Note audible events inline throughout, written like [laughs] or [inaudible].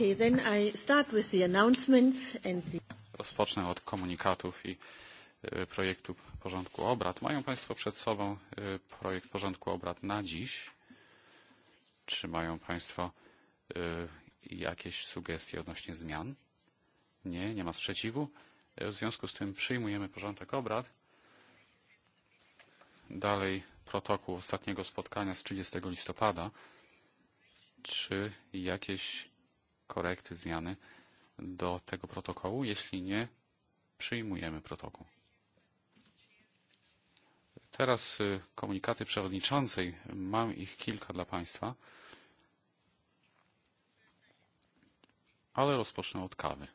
Okay, then I start with the announcements and the... Rozpocznę od komunikatów i e, projektu porządku obrad. Mają Państwo przed sobą e, projekt porządku obrad na dziś. Czy mają Państwo e, jakieś sugestie odnośnie zmian? Nie, nie ma sprzeciwu. W związku z tym przyjmujemy porządek obrad. Dalej protokół ostatniego spotkania z 30 listopada. Czy jakieś Korekty zmiany do tego protokołu? Jeśli nie, przyjmujemy protokół. Teraz komunikaty przewodniczącej. Mam ich kilka dla Państwa, ale rozpocznę od kawy.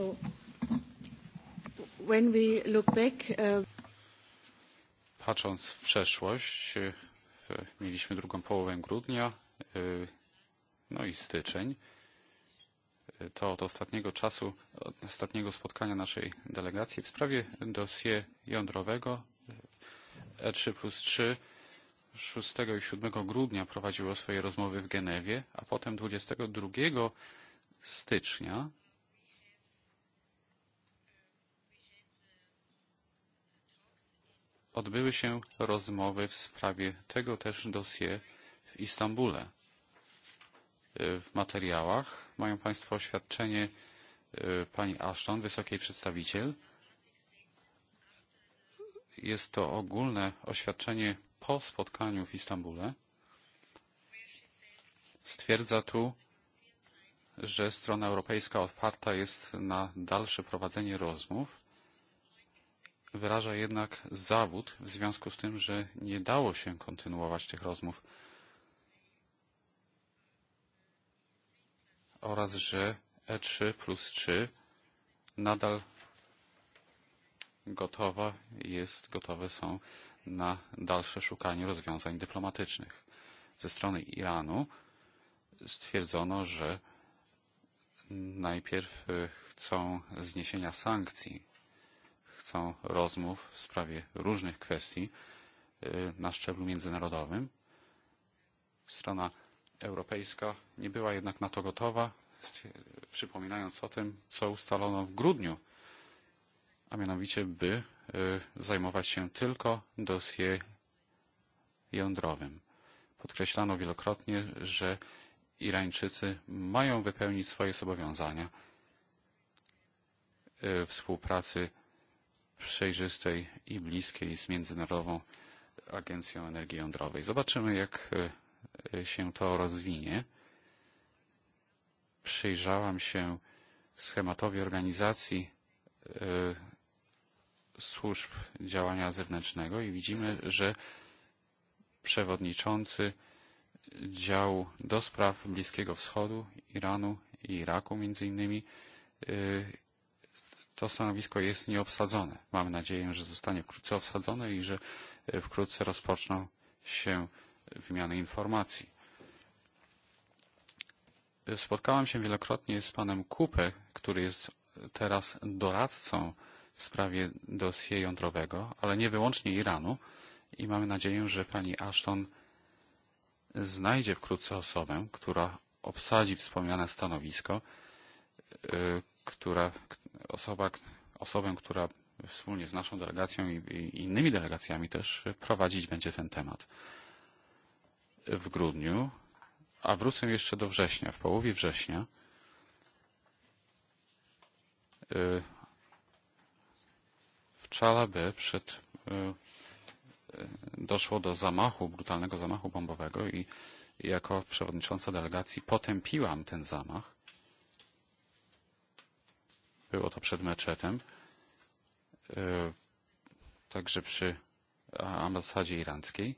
So when we look back, uh, Patrząc w przeszłość, mieliśmy drugą połowę grudnia, no i styczeń. To od ostatniego czasu, od ostatniego spotkania naszej delegacji w sprawie dosie jądrowego E3 plus 3 6 i 7 grudnia prowadziło swoje rozmowy w Genewie, a potem 22 stycznia odbyły się rozmowy w sprawie tego też dosie w Istambule. W materiałach mają Państwo oświadczenie pani Ashton, wysokiej przedstawiciel. Jest to ogólne oświadczenie po spotkaniu w Istambule. Stwierdza tu, że strona europejska otwarta jest na dalsze prowadzenie rozmów wyraża jednak zawód w związku z tym, że nie dało się kontynuować tych rozmów oraz że E3 plus 3 nadal gotowa jest, gotowe są na dalsze szukanie rozwiązań dyplomatycznych. Ze strony Iranu stwierdzono, że najpierw chcą zniesienia sankcji chcą rozmów w sprawie różnych kwestii e, na szczeblu międzynarodowym. Strona europejska nie była jednak na to gotowa, przypominając o tym, co ustalono w grudniu, a mianowicie, by e, zajmować się tylko dosie jądrowym. Podkreślano wielokrotnie, że Irańczycy mają wypełnić swoje zobowiązania e, współpracy przejrzystej i bliskiej z Międzynarodową Agencją Energii Jądrowej. Zobaczymy, jak e, się to rozwinie. Przyjrzałam się schematowi organizacji e, służb działania zewnętrznego i widzimy, że przewodniczący działu do spraw Bliskiego Wschodu, Iranu i Iraku między innymi e, to stanowisko jest nieobsadzone. Mam nadzieję, że zostanie wkrótce obsadzone i że e, wkrótce rozpoczną się wymiany informacji. E, Spotkałam się wielokrotnie z panem Kupę, który jest teraz doradcą w sprawie dosie jądrowego, ale nie wyłącznie Iranu i mamy nadzieję, że pani Ashton znajdzie wkrótce osobę, która obsadzi wspomniane stanowisko, e, która, osoba, osobę, która wspólnie z naszą delegacją i, i innymi delegacjami też prowadzić będzie ten temat w grudniu, a wrócę jeszcze do września. W połowie września w Czalaby przed, doszło do zamachu, brutalnego zamachu bombowego i jako przewodnicząca delegacji potępiłam ten zamach Było to przed meczetem. E, także przy ambasadzie irackiej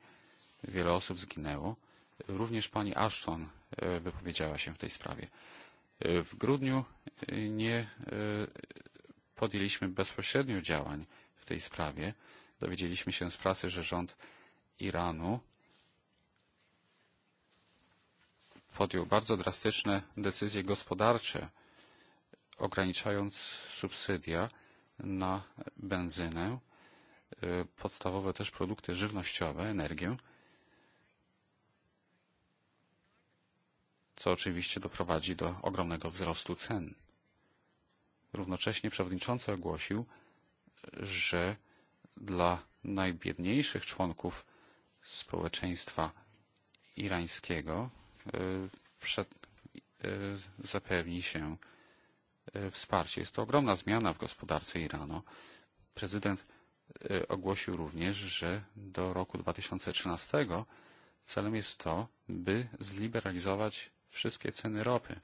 wiele osób zginęło. Również pani Ashton e, wypowiedziała się w tej sprawie. E, w grudniu nie podjęliśmy bezpośrednio działań w tej sprawie. Dowiedzieliśmy się z prasy, że rząd Iranu podjął bardzo drastyczne decyzje gospodarcze ograniczając subsydia na benzynę, e, podstawowe też produkty żywnościowe, energię, co oczywiście doprowadzi do ogromnego wzrostu cen. Równocześnie przewodniczący ogłosił, że dla najbiedniejszych członków społeczeństwa irańskiego e, przed, e, zapewni się E, wsparcie. Jest to ogromna zmiana w gospodarce Iranu. Prezydent e, ogłosił również, że do roku 2013 celem jest to, by zliberalizować wszystkie ceny ropy,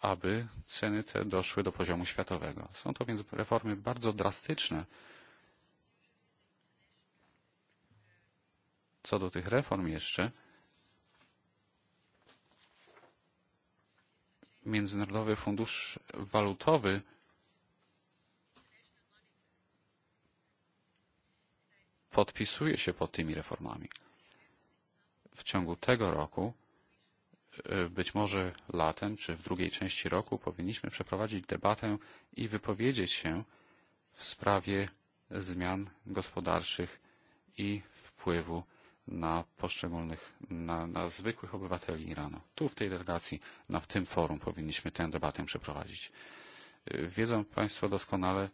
aby ceny te doszły do poziomu światowego. Są to więc reformy bardzo drastyczne. Co do tych reform jeszcze, Międzynarodowy Fundusz Walutowy podpisuje się pod tymi reformami. W ciągu tego roku, być może latem czy w drugiej części roku, powinniśmy przeprowadzić debatę i wypowiedzieć się w sprawie zmian gospodarczych i wpływu na poszczególnych, na, na zwykłych obywateli Iranu. Tu w tej delegacji, na w tym forum powinniśmy tę debatę przeprowadzić. Wiedzą Państwo doskonale e,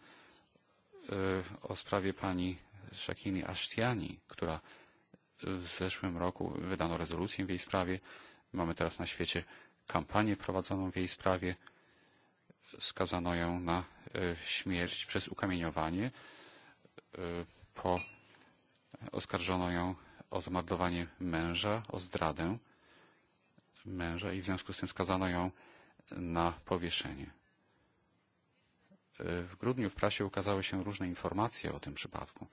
o sprawie pani Shakini Ashtiani, która w zeszłym roku wydano rezolucję w jej sprawie. Mamy teraz na świecie kampanię prowadzoną w jej sprawie. Skazano ją na e, śmierć przez ukamieniowanie. E, po oskarżono ją o zamordowanie męża, o zdradę męża i w związku z tym skazano ją na powieszenie. W grudniu w prasie ukazały się różne informacje o tym przypadku.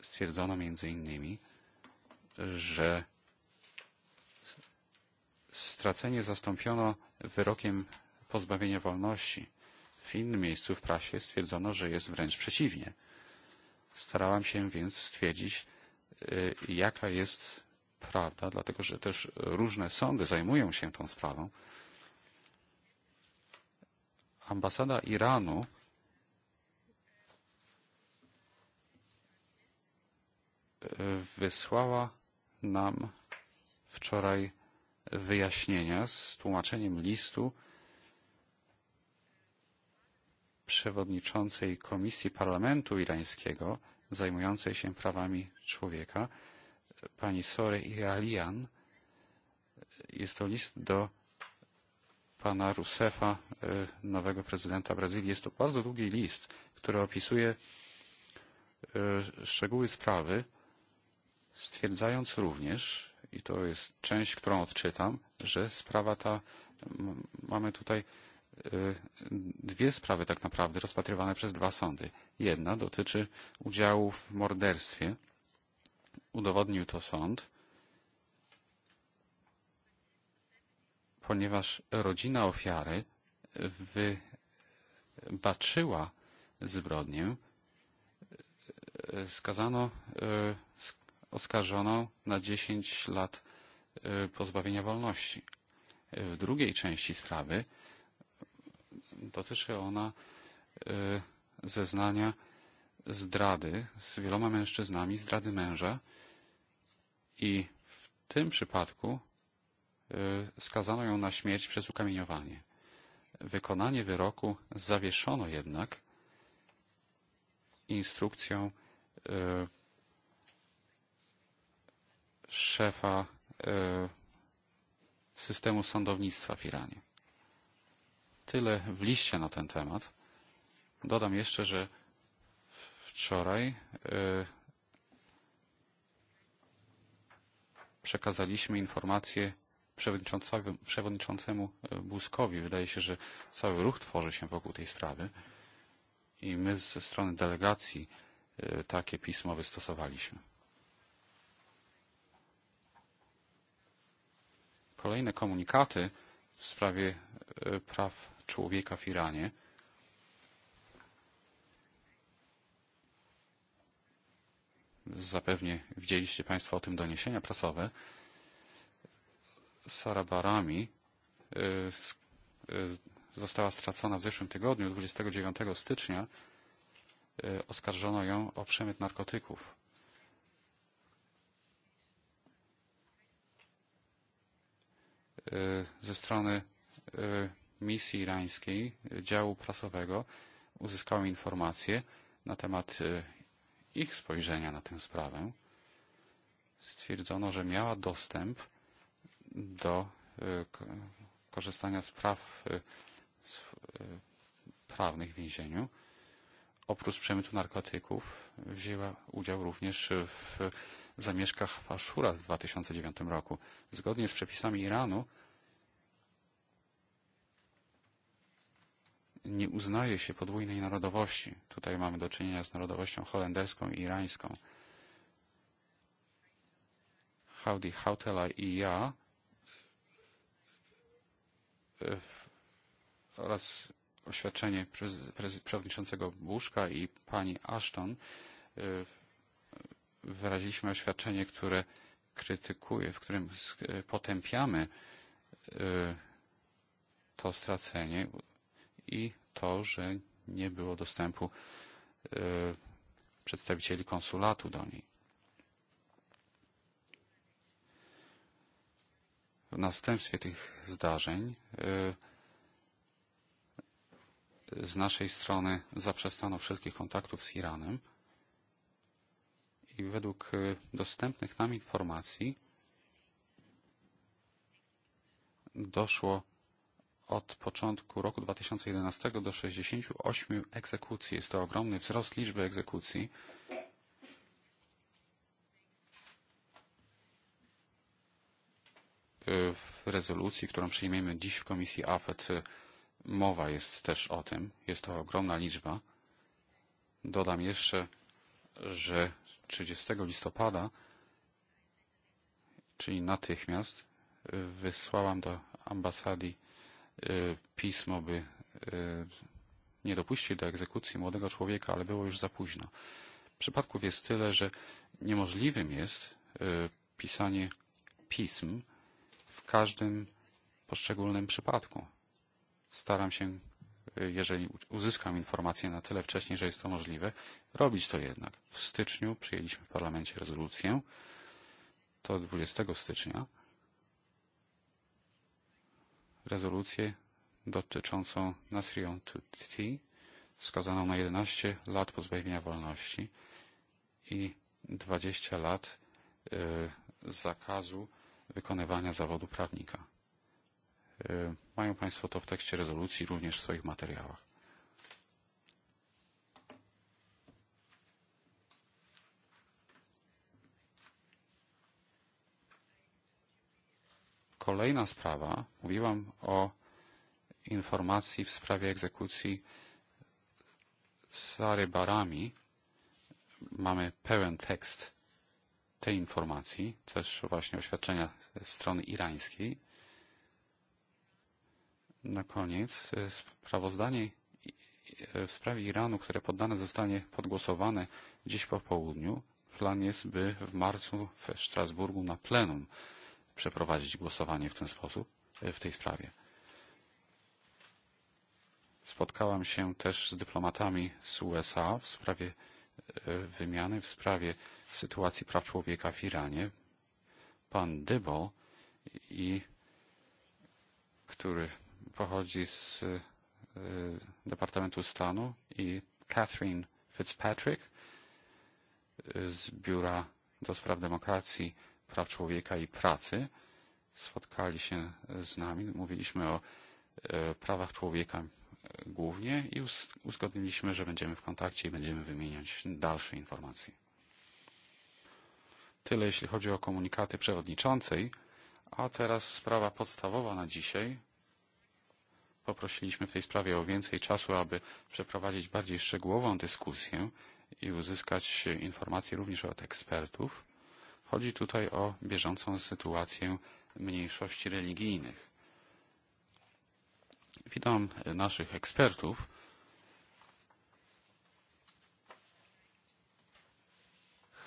Stwierdzono między innymi, że stracenie zastąpiono wyrokiem pozbawienia wolności. W innym miejscu w prasie stwierdzono, że jest wręcz przeciwnie. Starałam się więc stwierdzić, jaka jest prawda, dlatego że też różne sądy zajmują się tą sprawą. Ambasada Iranu wysłała nam wczoraj wyjaśnienia z tłumaczeniem listu przewodniczącej Komisji Parlamentu Irańskiego zajmującej się prawami człowieka, pani Sory Alian, Jest to list do pana Roussefa, e, nowego prezydenta Brazylii. Jest to bardzo długi list, który opisuje e, szczegóły sprawy, stwierdzając również, i to jest część, którą odczytam, że sprawa ta, mamy tutaj dwie sprawy tak naprawdę rozpatrywane przez dwa sądy. Jedna dotyczy udziału w morderstwie. Udowodnił to sąd, ponieważ rodzina ofiary wybaczyła zbrodnię, skazano e, oskarżoną na 10 lat e, pozbawienia wolności. W drugiej części sprawy dotyczy ona e, zeznania zdrady z wieloma mężczyznami, zdrady męża i w tym przypadku e, skazano ją na śmierć przez ukamieniowanie. Wykonanie wyroku zawieszono jednak instrukcją e, szefa systemu sądownictwa w Iranie tyle w liście na ten temat. Dodam jeszcze, że wczoraj e, przekazaliśmy informację przewodniczącemu e, Buzkowi. Wydaje się, że cały ruch tworzy się wokół tej sprawy i my ze strony delegacji e, takie pismo wystosowaliśmy. Kolejne komunikaty w sprawie praw člověka w Iranie. Zapewnie widzieliście Państwo o tym doniesienia prasowe. Sara Barami została stracona w zeszłym tygodniu, 29 stycznia. Oskarżono ją o przemyt narkotyków. Ze strony misji irańskiej e, działu prasowego uzyskałem informacje na temat e, ich spojrzenia na tę sprawę. Stwierdzono, że miała dostęp do e, korzystania z praw prawnych w więzieniu. Oprócz przemytu narkotyków wzięła udział również w zamieszkach w Aszura w 2009 roku. Zgodnie z przepisami Iranu nie uznaje się podwójnej narodowości. Tutaj mamy do czynienia z narodowością holenderską i irańską. Howdy Hautela i ja e, oraz oświadczenie przewodniczącego Buszka i pani Ashton e, wyraziliśmy oświadczenie, które krytykuje, w którym e, potępiamy to stracenie, i to, że nie było dostępu e, przedstawicieli konsulatu do niej. W następstwie tych zdarzeń e, z naszej strony zaprzestano wszelkich kontaktów z Iranem i według e, dostępnych nam informacji doszło od początku roku 2011 do 68 egzekucji. Jest to ogromny wzrost liczby egzekucji. W rezolucji, którą przyjmiemy dziś w Komisji AFET, mowa jest też o tym. Jest to ogromna liczba. Dodam jeszcze, że 30 listopada, czyli natychmiast, wysłałam do ambasady E, pismo, by e, nie dopuścić do egzekucji młodego człowieka, ale było już za późno. Przypadków jest tyle, że niemożliwym jest e, pisanie pism w każdym poszczególnym przypadku. Staram się, jeżeli uzyskam informację na tyle wcześniej, że jest to możliwe, robić to jednak. W styczniu przyjęliśmy w parlamencie rezolucję, to 20 stycznia, rezolucję dotyczącą Nasrion Tutti, skazaną na 11 lat pozbawienia wolności i 20 lat y, e, zakazu wykonywania zawodu prawnika. Y, e, mają Państwo to w tekście rezolucji, również w swoich materiałach. kolejna sprawa. Mówiłam o informacji w sprawie egzekucji Sary Barami. Mamy pełen tekst tej informacji, też właśnie vlastně oświadczenia strony irańskiej. Na koniec sprawozdanie eh, eh, w sprawie Iranu, które poddane zostanie podgłosowane dziś po południu. Plan jest, by w marcu w Strasburgu na plenum przeprowadzić głosowanie w ten sposób, e, w tej sprawie. Spotkałam się też z dyplomatami z USA w sprawie e, wymiany, w sprawie sytuacji praw człowieka w Iranie. Pan Dybo, i, który pochodzi z e, Departamentu Stanu i Catherine Fitzpatrick z Biura do Spraw Demokracji Praw Człowieka i Pracy spotkali się z nami. Mówiliśmy o e, prawach człowieka e, głównie i uzgodniliśmy, że będziemy w kontakcie i będziemy wymieniać dalsze informacje. Tyle jeśli chodzi o komunikaty przewodniczącej, a teraz sprawa podstawowa na dzisiaj. Poprosiliśmy w tej sprawie o więcej czasu, aby przeprowadzić bardziej szczegółową dyskusję i uzyskać informacje również od ekspertów. Chodzi tutaj o bieżącą sytuację mniejszości religijnych. Witam naszych ekspertów.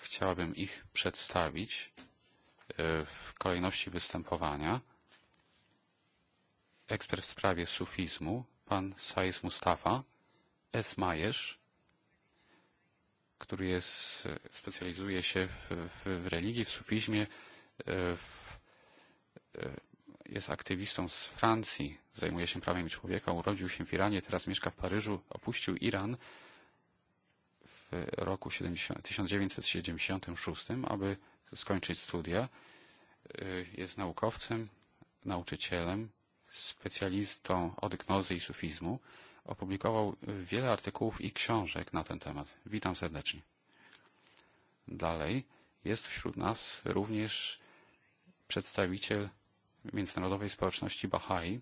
Chciałabym ich przedstawić e, w kolejności występowania. Ekspert w sprawie sufizmu, pan Saiz Mustafa, Esmajesz, który je, specjalizuje się w, w, religii, w sufizmie. Eh, w, eh, jest aktywistą z Francji, zajmuje się prawem człowieka, urodził się w Iranie, teraz mieszka w Paryżu, opuścił Iran w roku 70, 1976, aby skończyć studia. Eh, jest naukowcem, nauczycielem, specjalistą od gnozy i sufizmu opublikował wiele artykułów i książek na ten temat. Witam serdecznie. Dalej jest wśród nas również przedstawiciel międzynarodowej społeczności Bahai,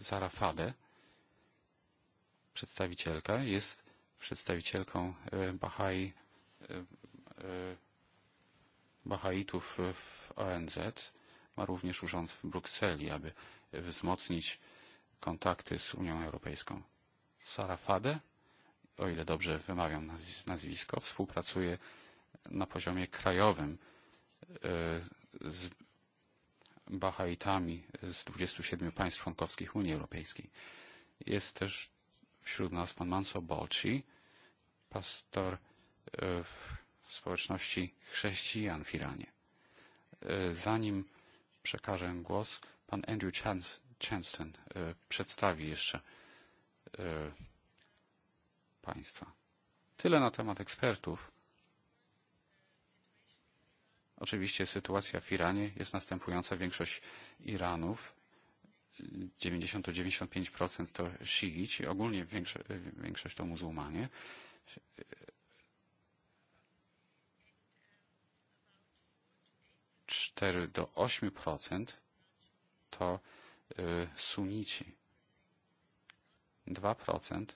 Sara Fade. Przedstawicielka jest przedstawicielką e, Bahai, e, e, Bahaitów w ONZ. Ma również urząd w Brukseli, aby wzmocnić kontakty z Unią Europejską. Sarafade, o ile dobrze wymawiam nazwisko, współpracuje na poziomie krajowym e, z Bahaitami z 27 państw członkowskich Unii Europejskiej. Jest też wśród nas pan Manso Bolci, pastor e, w społeczności chrześcijan w Iranie. E, zanim przekażę głos, pan Andrew Chanston przedstawi jeszcze E, państwa. Tyle na temat ekspertów. Oczywiście sytuacja w Iranie jest następująca. Większość Iranów, 90-95% to szyici, ogólnie większo większość to muzułmanie. Cztery do 8% to e, sunici. 2%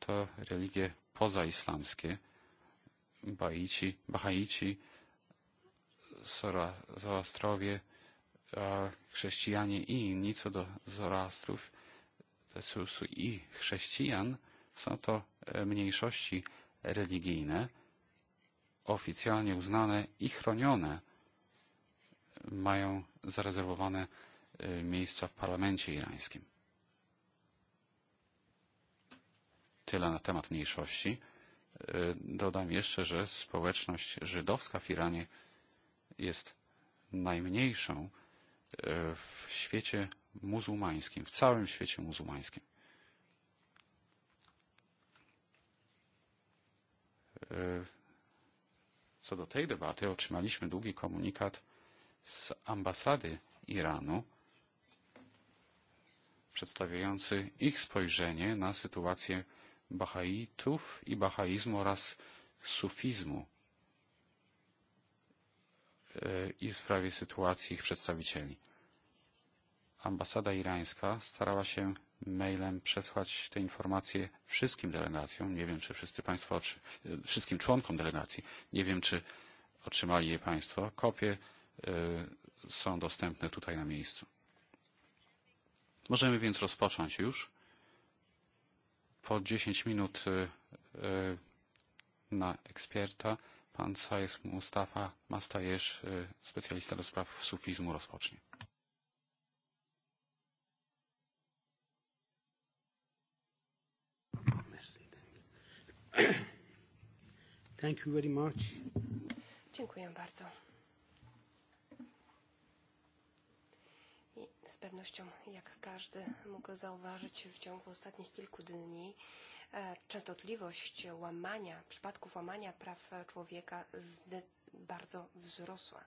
to religie pozaislamskie, Bahaici, Bahaici, Zoroastrowie, chrześcijanie i inni co do Zoroastrów, Jezusu i chrześcijan, są to e, mniejszości religijne, oficjalnie uznane i chronione. Mają zarezerwowane e, miejsca w parlamencie irańskim. Tyle na temat mniejszości. E, dodam jeszcze, że społeczność żydowska w Iranie jest najmniejszą e, w świecie muzułmańskim, w całym świecie muzułmańskim. E, co do tej debaty otrzymaliśmy długi komunikat z ambasady Iranu, przedstawiający ich spojrzenie na sytuację Bahaitów i bahaizmu oraz sufizmu e, i w sprawie sytuacji ich przedstawicieli. Ambasada irańska starała się mailem przesłać te informacje wszystkim delegacjom. Nie wiem, czy wszyscy Państwo, e, wszystkim członkom delegacji. Nie wiem, czy otrzymali je Państwo. Kopie e, są dostępne tutaj na miejscu. Możemy więc rozpocząć już po 10 minut y, y, na eksperta. Pan Sajes Mustafa Mastajesz, y, specjalista do spraw sufizmu, rozpocznie. Thank you very much. Dziękuję bardzo. Z pewnością, jak każdy mógł zauważyć w ciągu ostatnich kilku dni, częstotliwość łamania, przypadków łamania praw człowieka bardzo wzrosła.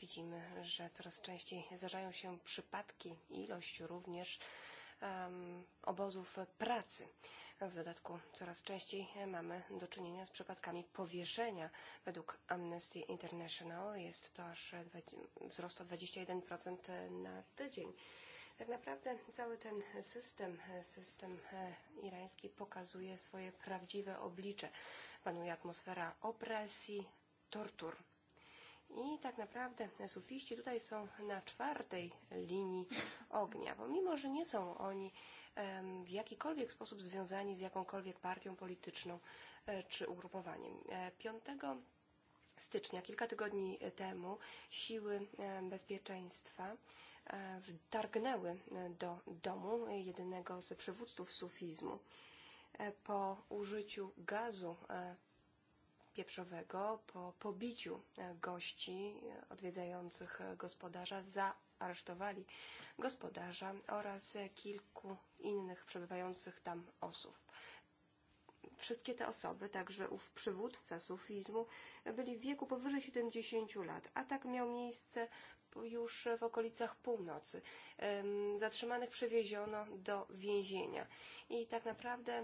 Widzimy, że coraz częściej zdarzają się przypadki, ilość również Um, obozów pracy. W dodatku coraz częściej mamy do czynienia z przypadkami powieszenia. Według Amnesty International jest to aż wzrost o 21% na tydzień. Tak naprawdę cały ten system, system e, irański pokazuje swoje prawdziwe oblicze. Panuje atmosfera opresji, tortur i tak naprawdę sufiści tutaj są na czwartej linii ognia, pomimo że nie są oni w jakikolwiek sposób związani z jakąkolwiek partią polityczną e, czy ugrupowaniem. 5 e, stycznia, kilka tygodni temu, siły e, bezpieczeństwa wtargnęły do domu jednego z przywódców sufizmu. Po użyciu gazu pieprzowego po pobiciu e, gości e, odwiedzających e, gospodarza za aresztowali gospodarza oraz kilku innych przebywających tam osób. Wszystkie te osoby, także ów przywódca sufizmu, byli w wieku powyżej 70 lat. Atak miał miejsce już w okolicach północy. Zatrzymanych przewieziono do więzienia. I tak naprawdę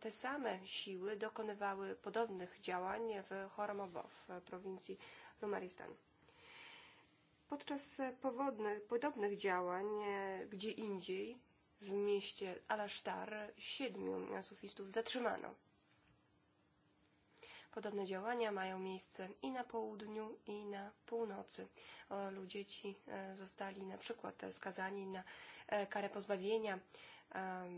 te same siły dokonywały podobnych działań w Choromowo, w prowincji Rumaristan. Podczas powodny, podobnych działań e, gdzie indziej w mieście Alasztar siedmiu sufistów zatrzymano. Podobne działania mają miejsce i na południu, i na północy. E, ludzie ci e, zostali na przykład skazani na e, karę pozbawienia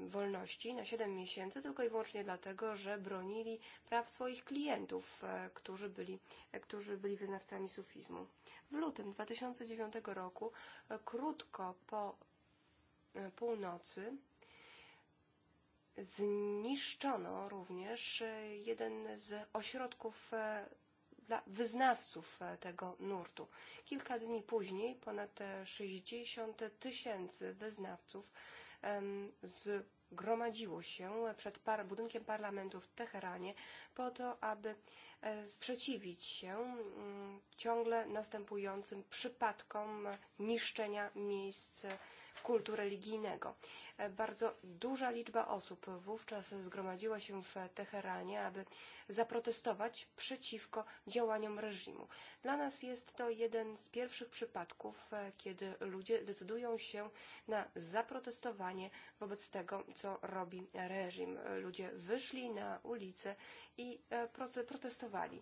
wolności na 7 miesięcy tylko i wyłącznie dlatego, że bronili praw swoich klientów, którzy byli, którzy byli wyznawcami sufizmu. W lutym 2009 roku, krótko po północy, zniszczono również jeden z ośrodków e, dla wyznawców e, tego nurtu. Kilka dni później ponad 60 tysięcy wyznawców zgromadziło się przed par budynkiem parlamentu w Teheranie po to, aby e, sprzeciwić się ciągle następującym przypadkom niszczenia miejsc kultu religijnego. Bardzo duża liczba osób wówczas zgromadziła się w Teheranie, aby zaprotestować przeciwko działaniom reżimu. Dla nas jest to jeden z pierwszych przypadków, kiedy ludzie decydują się na zaprotestowanie wobec tego, co robi reżim. Ludzie wyszli na ulicę i protestowali.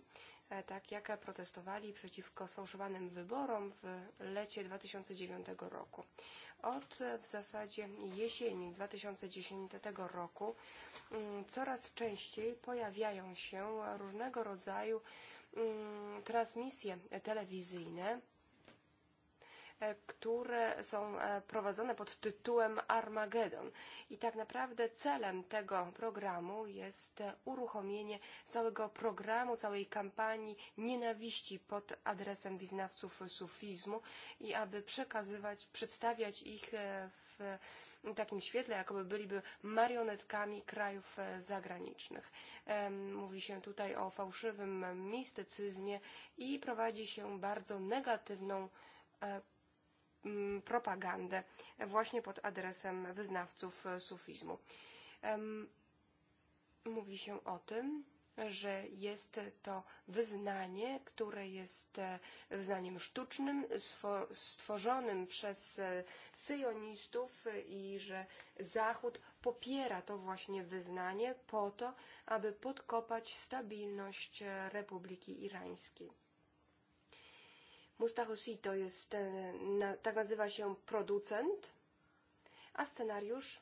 E, tak jak protestowali przeciwko sfałszowanym wyborom w lecie 2009 roku. Od w zasadzie jesieni 2010 roku mm, coraz częściej pojawiają się różnego rodzaju mm, transmisje telewizyjne które są e, prowadzone pod tytułem Armagedon. I tak naprawdę celem tego programu jest e, uruchomienie całego programu, całej kampanii nienawiści pod adresem wyznawców sufizmu i aby przekazywać, przedstawiać ich e, w takim świetle, jakoby byliby marionetkami krajów zagranicznych. Mówi się tutaj o fałszywym mistycyzmie i prowadzi się bardzo negatywną Mm, propagandę właśnie vlastně pod adresem wyznawców sufizmu. Mówi się o tym, że jest to wyznanie, które jest e, wyznaniem sztucznym, stworzonym przez e, syjonistów i że Zachód popiera to właśnie wyznanie po to, aby podkopać stabilność e, Republiki Irańskiej. Mustafa to jest, e, na, tak nazywa się producent, a scenariusz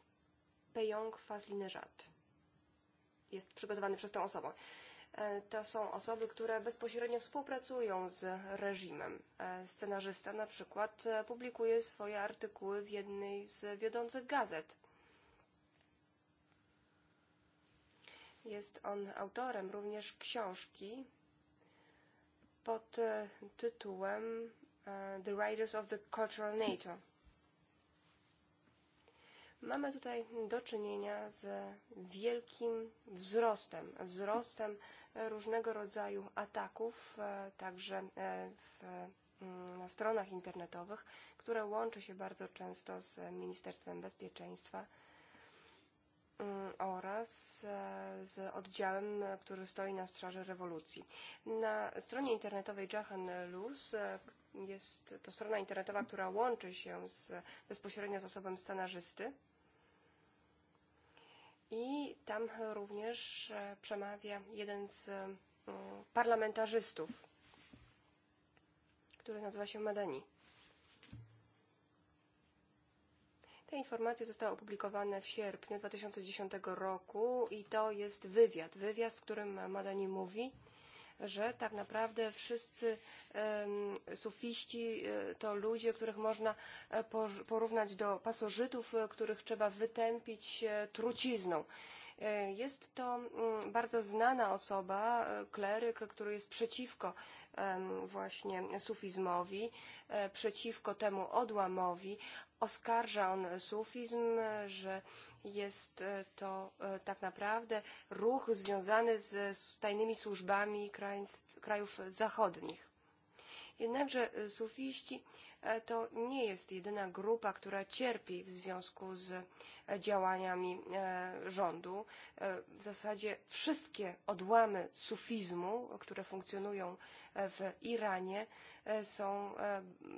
Peyong Faslinerzat jest przygotowany przez tą osobę. E, to są osoby, które bezpośrednio współpracują z reżimem. E, scenarzysta na przykład publikuje swoje artykuły w jednej z wiodących gazet. Jest on autorem również książki pod eh, tytułem eh, The writers of the Cultural NATO. Mamy tutaj do czynienia z wielkim wzrostem, wzrostem różnego rodzaju ataków, eh, także w, mm, na stronach internetowych, które łączy się bardzo często z Ministerstwem Bezpieczeństwa Mm, oraz e, z oddziałem, który stoi na straży rewolucji. Na stronie internetowej Jahan Luz e, jest to strona internetowa, która łączy się z, bezpośrednio z osobą scenarzysty. I tam również e, przemawia jeden z mm, parlamentarzystów, który nazywa się Madani. Te informacje zostały opublikowane w sierpniu 2010 roku i to jest wywiad. Wywiad, w którym Madani mówi, że tak naprawdę wszyscy sufiści e, to ludzie, których można e, porównać do pasożytów, e, których trzeba wytępić trucizną. Jest to bardzo znana osoba, kleryk, który jest przeciwko właśnie sufizmowi, przeciwko temu odłamowi oskarża on sufizm, że jest e, to e, tak naprawdę ruch związany z tajnymi służbami krajów zachodnich. Jednakże e, sufiści E, to nie jest jedyna grupa, która cierpi w związku z działaniami e, rządu. E, w zasadzie wszystkie odłamy sufizmu, które funkcjonują w Iranie, są,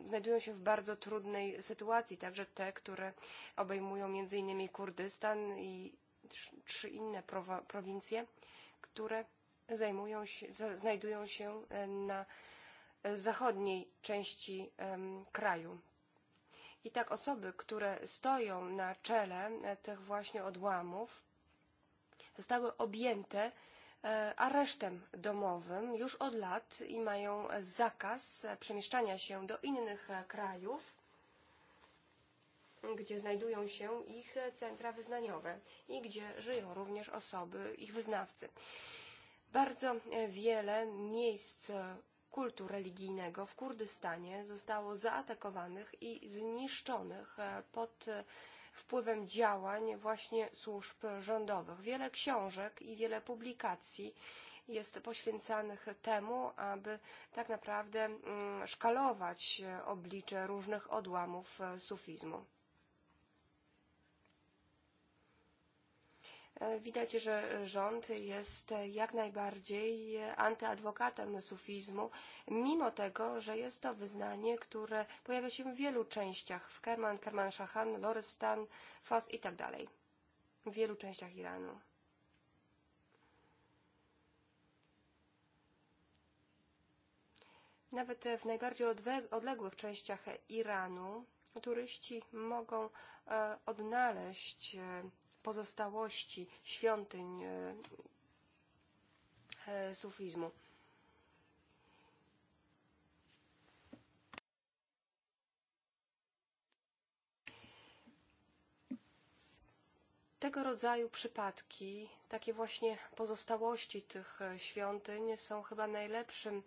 znajdują się w bardzo trudnej sytuacji, także te, które obejmują między innymi Kurdystan i trzy inne prowincje, które zajmują się, znajdują się na zachodniej części kraju. I tak osoby, które stoją na czele e, tych właśnie odłamów, zostały objęte e, aresztem domowym już od lat i mają zakaz e, przemieszczania się do innych krajów, gdzie znajdują się ich centra wyznaniowe i gdzie żyją również osoby, ich wyznawcy. Bardzo wiele miejsc kultu religijnego w Kurdystanie zostało zaatakowanych i zniszczonych e, pod e, wpływem działań właśnie służb rządowych. Wiele książek i wiele publikacji jest poświęcanych temu, aby tak naprawdę mm, szkalować oblicze różnych odłamów e, sufizmu. E, Widać, że rząd jest jak najbardziej antyadwokatem sufizmu, mimo tego, że jest to wyznanie, które pojawia się w wielu częściach w Kerman, Kerman Kermanshahan, Lorestan, Fos i tak dalej, W wielu częściach Iranu. Nawet w najbardziej odległych częściach Iranu turyści mogą e, odnaleźć e, pozostałości świątyń e, e, sufizmu. Tego rodzaju przypadki, takie właśnie pozostałości tych świątyń są chyba najlepszym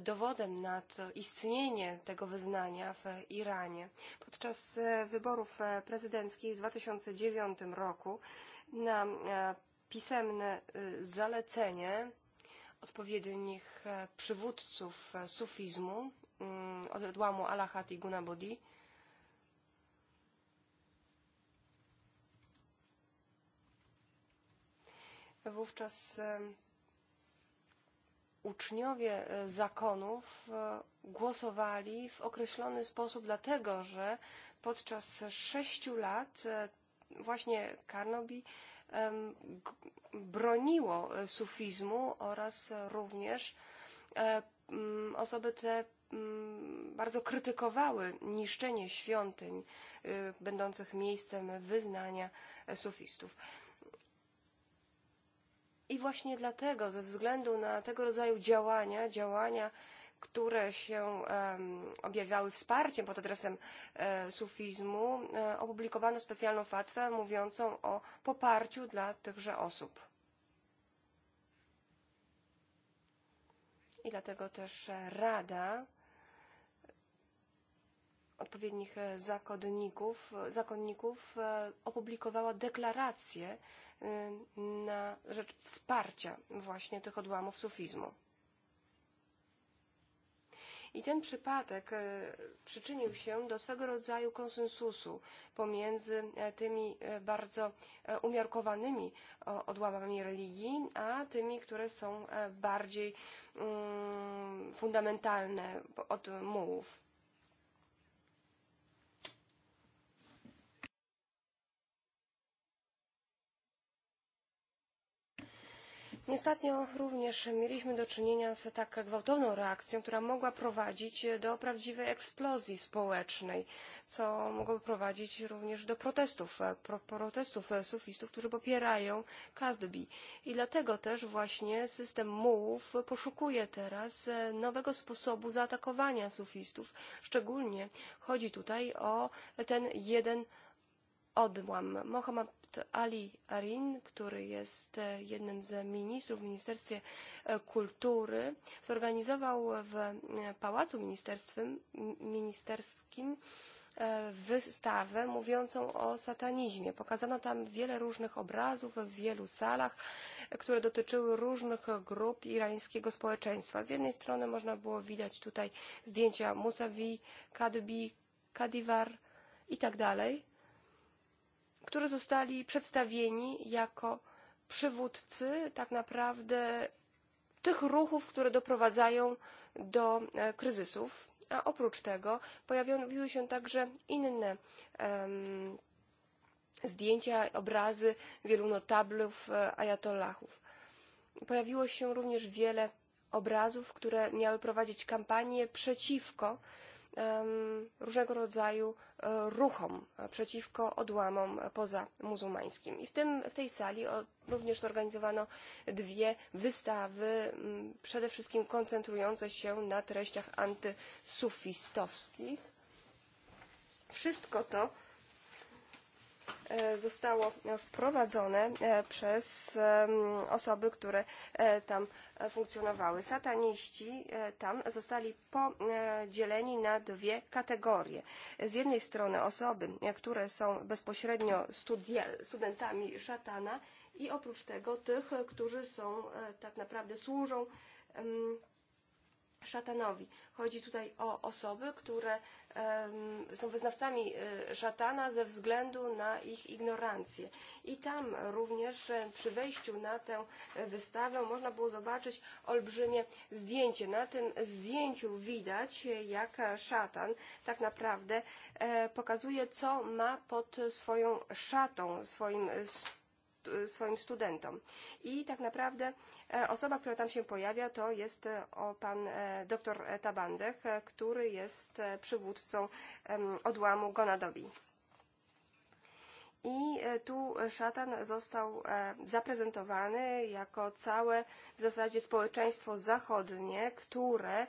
dowodem na to istnienie tego wyznania w Iranie. Podczas e, wyborów e, prezydenckich w 2009 roku na e, pisemne zalecenie odpowiednich przywódców sufizmu mm, od odłamu Alahat i Gunabodi. wówczas uczniowie e, zakonów e, głosowali w określony sposób, dlatego że podczas sześciu lat e, właśnie Karnobi broniło sufizmu oraz również osoby te bardzo krytykowały niszczenie świątyń będących miejscem wyznania sufistów. I właśnie dlatego, ze względu na tego rodzaju działania, działania, które się um, objawiały wsparciem pod adresem e, sufizmu, e, opublikowano specjalną fatwę mówiącą o poparciu dla tychże osób. I dlatego też Rada odpowiednich e, zakonników, zakonników e, opublikowała deklarację na rzecz wsparcia właśnie tych odłamów sufizmu. I ten przypadek e, przyczynił się do swego rodzaju konsensusu pomiędzy e, tymi e, bardzo umiarkowanymi odłamami religii, a tymi, które są bardziej mm, fundamentalne od mułów. Niestatnio również mieliśmy do czynienia z tak gwałtowną reakcją, która mogła prowadzić do prawdziwej eksplozji społecznej, co mogłoby prowadzić również do protestów, pro, protestów sufistów, którzy popierają Kazdbi. I dlatego też właśnie system mułów poszukuje teraz nowego sposobu zaatakowania sufistów. Szczególnie chodzi tutaj o ten jeden odłam. Mohammad Ali Arin, który jest e, jednym z ministrów w Ministerstwie e, Kultury, zorganizował w e, Pałacu Ministerskim wystawę mówiącą o satanizmie. Pokazano tam wiele różnych obrazów w wielu salach, które dotyczyły różnych grup irańskiego społeczeństwa. Z jednej strony można było widać tutaj zdjęcia Musawi, Kadbi, Kadivar i tak dalej którzy zostali przedstawieni jako przywódcy tak naprawdę tych ruchów, które doprowadzają do e, kryzysów. A oprócz tego pojawiły się także inne um, zdjęcia, obrazy wielu notablów, e, ajatollahów. Pojawiło się również wiele obrazów, które miały prowadzić kampanię przeciwko Ehm, różnego rodzaju eh, ruchom eh, przeciwko odłamom eh, pozamuzułmańskim. I w, tym, w tej sali również zorganizowano dwie wystawy, mm, przede wszystkim koncentrujące się na treściach antysufistowskich. Wszystko to E, zostało wprowadzone e, przez osoby, które e, tam funkcjonowały. Sataniści tam zostali podzieleni na dwie kategorie. Z jednej strony osoby, które są bezpośrednio studentami szatana i oprócz tego tych, którzy są tak naprawdę służą szatanowi. Chodzi tutaj o osoby, które są wyznawcami e, szatana ze względu na ich ignorancję. I tam również e, przy wejściu na tę wystawę można było zobaczyć olbrzymie zdjęcie. Na tym zdjęciu widać, e, jak szatan tak naprawdę pokazuje, co ma pod swoją szatą, swoim swoim eh, studentom. I tak naprawdę eh, osoba, która tam się pojawia, to jest eh, o pan doktor Tabandech, który jest przywódcą odłamu Gonadowi. I tu szatan został zaprezentowany jako całe w zasadzie społeczeństwo zachodnie, które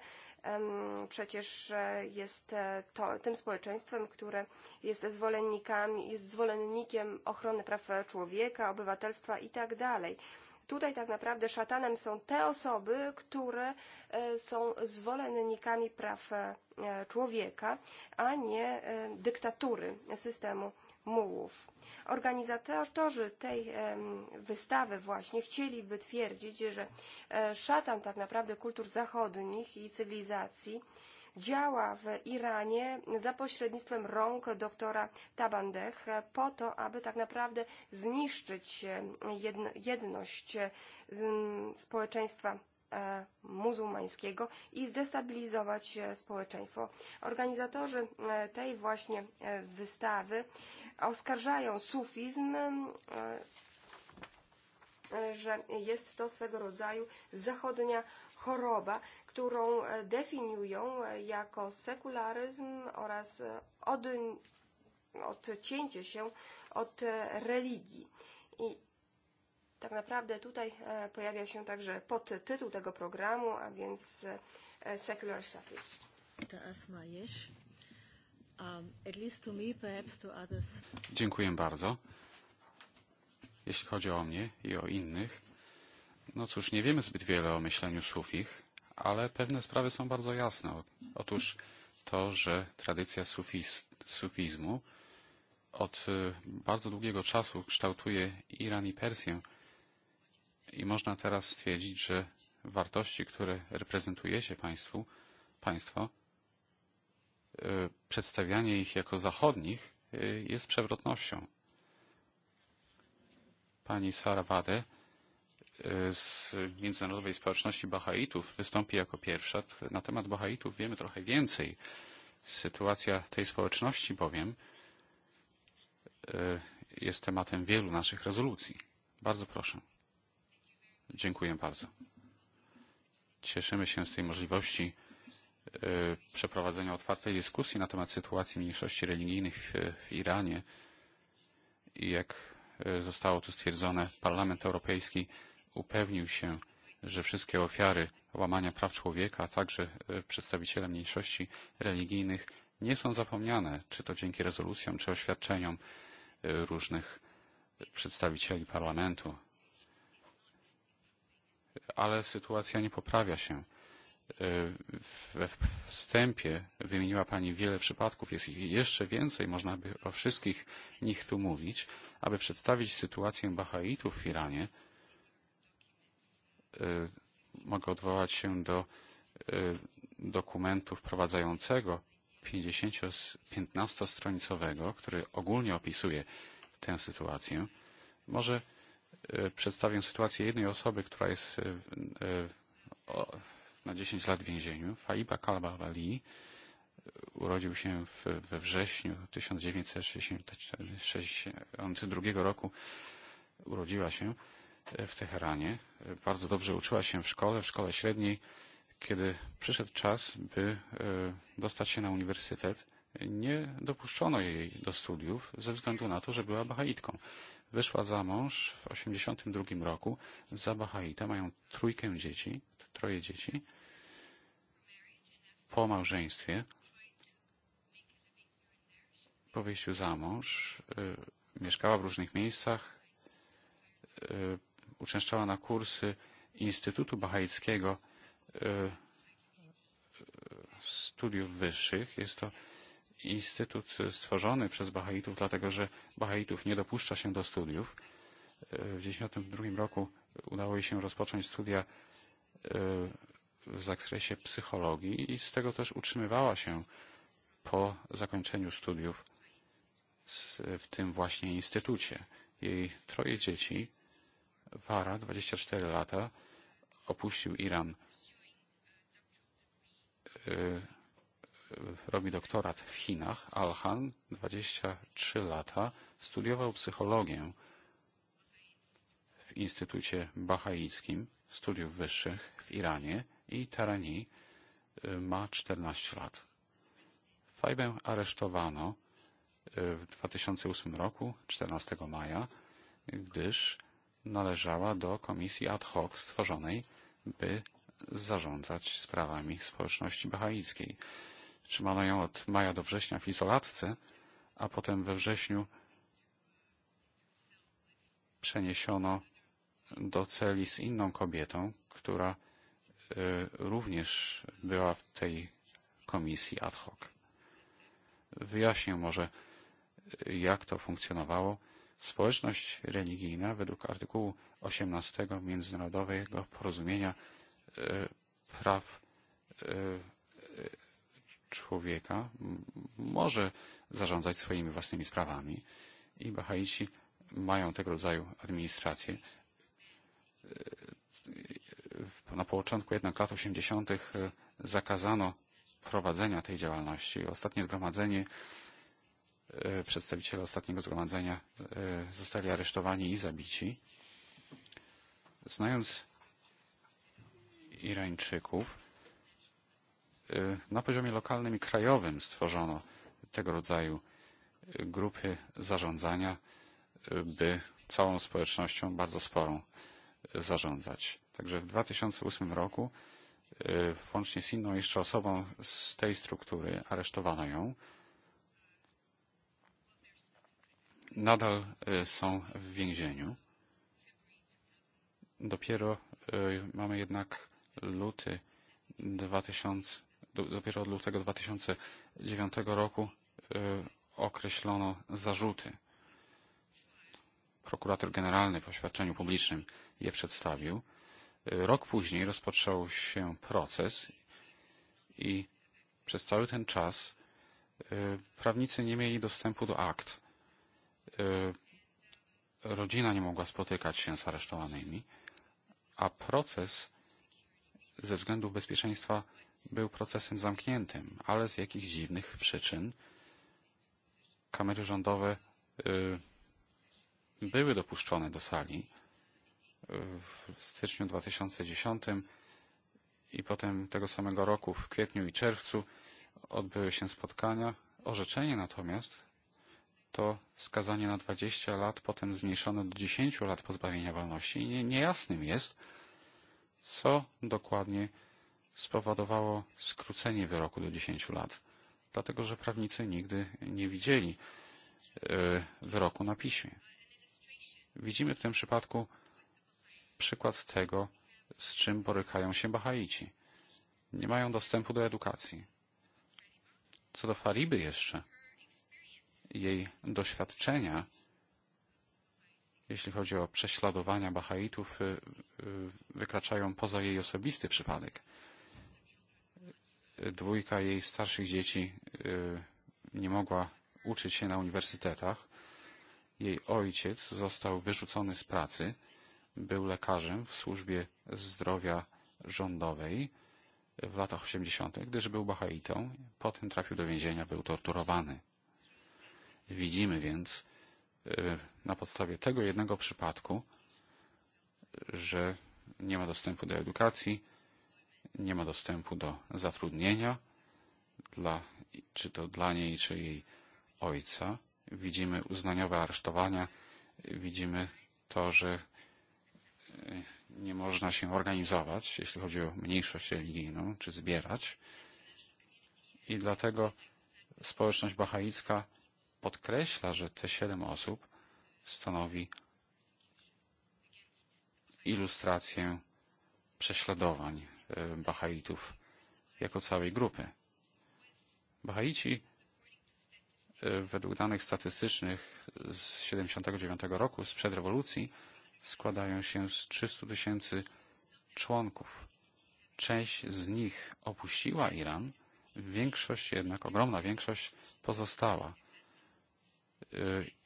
przecież e, jest e, to, tym społeczeństwem, które jest zwolennikami, jest zwolennikiem ochrony praw e, człowieka, obywatelstwa i tak dalej. Tutaj tak naprawdę szatanem są te osoby, które są zwolennikami praw człowieka, a nie dyktatury systemu mułów. Organizatorzy tej wystawy właśnie chcieliby twierdzić, że e, szatan tak naprawdę kultur zachodnich i cywilizacji działa w Iranie za pośrednictwem rąk doktora Tabandeh po to, aby tak naprawdę zniszczyć jedno, jedność społeczeństwa E, muzułmańskiego i zdestabilizować e, społeczeństwo. Organizatorzy e, tej właśnie wystawy oskarżają sufizm że jest to swego rodzaju zachodnia choroba, którą definiują jako sekularyzm oraz od, odcięcie się od religii. I tak naprawdę tutaj e, pojawia się także podtytuł tego programu, a więc e, Secular Surface. Um, Dziękuję bardzo. Jeśli chodzi o mnie i o innych, no cóż, nie wiemy zbyt wiele o myśleniu sufich, ale pewne sprawy są bardzo jasne. Otóż to, że tradycja sufiz, sufizmu od bardzo długiego czasu kształtuje Iran i Persję, i można teraz stwierdzić, że wartości, które się państwu, państwo, przedstawianie ich jako zachodnich jest przewrotnością. Pani Sara Wade z Międzynarodowej Społeczności Bahaitów wystąpi jako pierwsza. Na temat Bahaitów wiemy trochę więcej. Sytuacja tej społeczności bowiem jest tematem wielu naszych rezolucji. Bardzo proszę. Dziękuję bardzo. Cieszymy się z tej możliwości e, przeprowadzenia otwartej dyskusji na temat sytuacji mniejszości religijnych w Iranie i jak e, zostało tu stwierdzone, Parlament Europejski upewnił się, że wszystkie ofiary łamania praw człowieka, a także e, przedstawiciele mniejszości religijnych nie są zapomniane, czy to dzięki rezolucjom, czy oświadczeniom różnych przedstawicieli parlamentu ale sytuacja nie poprawia się. E, we wstępie wymieniła Pani wiele przypadków, jest ich jeszcze więcej, można by o wszystkich nich tu mówić. Aby przedstawić sytuację Bahaitów w Iranie, e, mogę odwołać się do e, dokumentu wprowadzającego 50-15-stronicowego, który ogólnie opisuje tę sytuację. Może przedstawię sytuację jednej osoby, która jest e, e, na 10 lat w więzieniu. Faiba Kalbawali e, urodził się we wrześniu 1962 roku. Urodziła się w Teheranie. Bardzo dobrze uczyła się w szkole, w szkole średniej. Kiedy przyszedł czas, by dostać się na uniwersytet, nie dopuszczono jej do studiów ze względu na to, że była bahaitką wyszła za mąż w 1982 roku za Bahaita. Mają trójkę dzieci, troje dzieci. Po małżeństwie, po wyjściu za mąż, y, mieszkała w różnych miejscach, y, uczęszczała na kursy Instytutu Bahaickiego y, y, Studiów Wyższych. Jest to y, instytut stworzony przez Bahaitów, dlatego że Bahaitów nie dopuszcza się do studiów. E, w 1992 roku udało jej się rozpocząć studia e, w zakresie psychologii i z tego też utrzymywała się po zakończeniu studiów w tym właśnie instytucie. Jej troje dzieci, Wara, 24 lata, opuścił Iran e, robi doktorat w Chinach, Alhan, 23 lata, studiował psychologię w Instytucie Bahaickim Studiów Wyższych w Iranie i Tarani ma 14 lat. Fajbę aresztowano w 2008 roku, 14 maja, gdyż należała do komisji ad hoc stworzonej, by zarządzać sprawami społeczności bahaickiej. Trzymano ją od maja do września w izolatce, a potem we wrześniu przeniesiono do celi z inną kobietą, która również była w tej komisji ad hoc. Wyjaśnię może, jak to funkcjonowało. Społeczność religijna według artykułu 18 Międzynarodowego Porozumienia Praw człowieka może zarządzać swoimi własnymi sprawami i Bahaici mają tego rodzaju administrację. E, na początku jednak lat 80. E, zakazano prowadzenia tej działalności. Ostatnie zgromadzenie, e, przedstawiciele ostatniego zgromadzenia zostali aresztowani i zabici. Znając Irańczyków, na poziomie lokalnym i krajowym stworzono tego rodzaju grupy zarządzania, by całą społecznością bardzo sporą zarządzać. Także w 2008 roku, włącznie z inną jeszcze osobą z tej struktury, aresztowano ją. Nadal są w więzieniu. Dopiero mamy jednak luty 2000 dopiero od lutego 2009 roku określono zarzuty. Prokurator generalny po oświadczeniu publicznym je przedstawił. Rok później rozpoczął się proces i przez cały ten czas prawnicy nie mieli dostępu do akt. Rodzina nie mogła spotykać się z aresztowanymi, a proces ze względów bezpieczeństwa był procesem zamkniętym, ale z jakichś dziwnych przyczyn kamery rządowe y, były dopuszczone do sali w e, styczniu 2010 i potem tego samego roku w kwietniu i czerwcu odbyły się spotkania. Orzeczenie natomiast to skazanie na 20 lat, potem zmniejszone do 10 lat pozbawienia wolności i niejasnym jest, co dokładnie spowodowało skrócenie wyroku do 10 lat, dlatego że prawnicy nigdy nie widzieli e, wyroku na piśmie. Widzimy w tym przypadku przykład tego, z czym borykają się Bahaici. Nie mają dostępu do edukacji. Co do Fariby jeszcze, jej doświadczenia, jeśli chodzi o prześladowania Bahaitów, e, e, wykraczają poza jej osobisty przypadek dwójka jej starszych dzieci e, nie mogła uczyć się na uniwersytetach. Jej ojciec został wyrzucony z pracy, był lekarzem w służbie zdrowia rządowej w latach 80., gdyż był bahaitą, potem trafił do więzienia, był torturowany. Widzimy więc e, na podstawie tego jednego przypadku, że nie ma dostępu do edukacji, nie ma dostępu do zatrudnienia, dla, czy to dla niej, czy jej ojca. Widzimy uznaniowe aresztowania, widzimy to, że e, nie można się organizować, jeśli chodzi o mniejszość religijną, czy zbierać. I dlatego społeczność bahaicka podkreśla, że te siedem osób stanowi ilustrację prześladowań Eh, Bahaitów, jako całej grupy. Bahaici eh, według danych statystycznych z 79. roku, sprzed rewolucji, składają się z 300 tysięcy członków. Część z nich opuściła Iran, większość jednak, ogromna większość pozostała. Eh,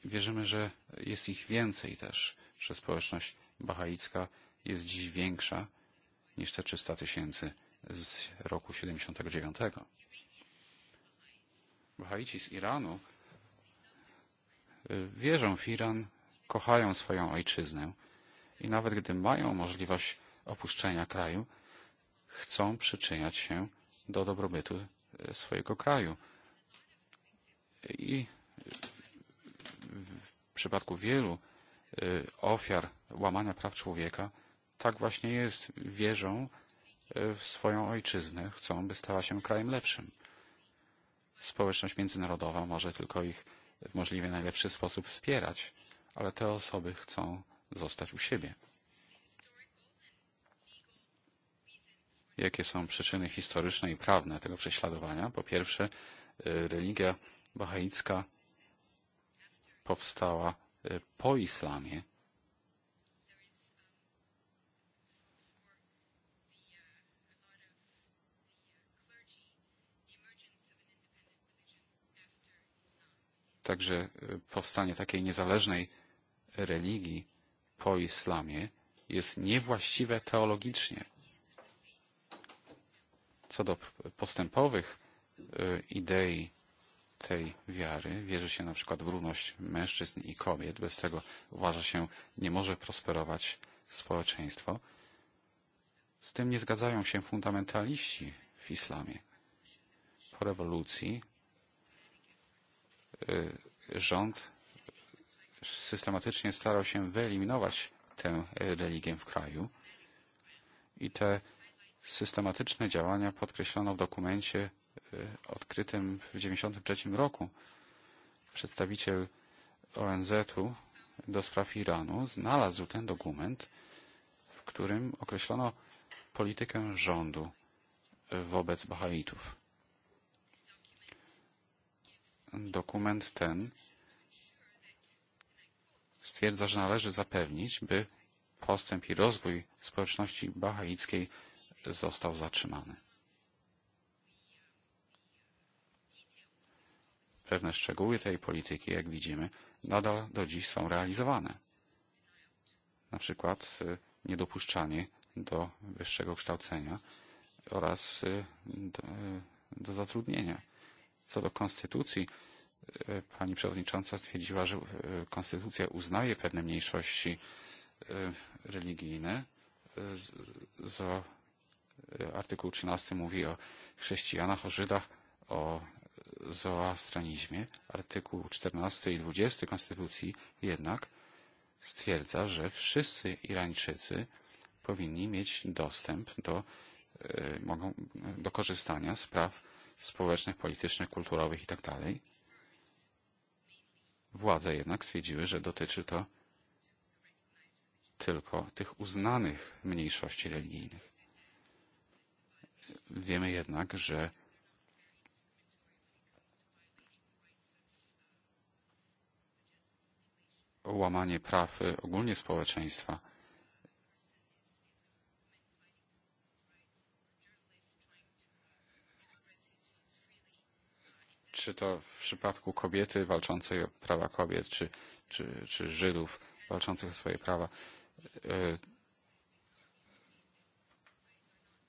wierzymy, że jest ich więcej też, że społeczność bahaicka jest dziś większa niż te 300 tysięcy z roku 79. Bahaici z Iranu wierzą w Iran, kochają swoją ojczyznę i nawet gdy mają możliwość opuszczenia kraju, chcą przyczyniać się do dobrobytu swojego kraju. I w przypadku wielu ofiar łamania praw człowieka tak właśnie jest. Wierzą e, w swoją ojczyznę, chcą, by stała się krajem lepszym. Społeczność międzynarodowa może tylko ich w możliwie najlepszy sposób wspierać, ale te osoby chcą zostać u siebie. Jakie są przyczyny historyczne i prawne tego prześladowania? Po pierwsze, e, religia bahaicka powstała e, po islamie Także powstanie takiej niezależnej religii po islamie jest niewłaściwe teologicznie. Co do postępowych e, idei tej wiary, wierzy się na przykład w równość mężczyzn i kobiet, bez tego uważa się nie może prosperować społeczeństwo. Z tym nie zgadzają się fundamentaliści w islamie. Po rewolucji rząd systematycznie starał się wyeliminować tę religię w kraju i te systematyczne działania podkreślono w dokumencie odkrytym w 1993 roku. Przedstawiciel ONZ-u do spraw Iranu znalazł ten dokument, w którym określono politykę rządu wobec Bahaitów dokument ten stwierdza, że należy zapewnić, by postęp i rozwój społeczności bahaickiej został zatrzymany. Pewne szczegóły tej polityki, jak widzimy, nadal do dziś są realizowane. Na przykład niedopuszczanie do wyższego kształcenia oraz do, do zatrudnienia. Co do konstytucji, e, pani przewodnicząca stwierdziła, że e, konstytucja uznaje pewne mniejszości e, religijne. Z, artykuł 13 mówi o chrześcijanach, o Żydach, o zoastranizmie. Artykuł 14 i 20 Konstytucji jednak stwierdza, że wszyscy Irańczycy powinni mieć dostęp do, mogą, do korzystania z praw społecznych, politycznych, kulturowych itd. Władze jednak stwierdziły, że dotyczy to tylko tych uznanych mniejszości religijnych. Wiemy jednak, że łamanie praw ogólnie społeczeństwa czy to w przypadku kobiety walczącej o prawa kobiet, czy, czy, czy Żydów walczących o swoje prawa,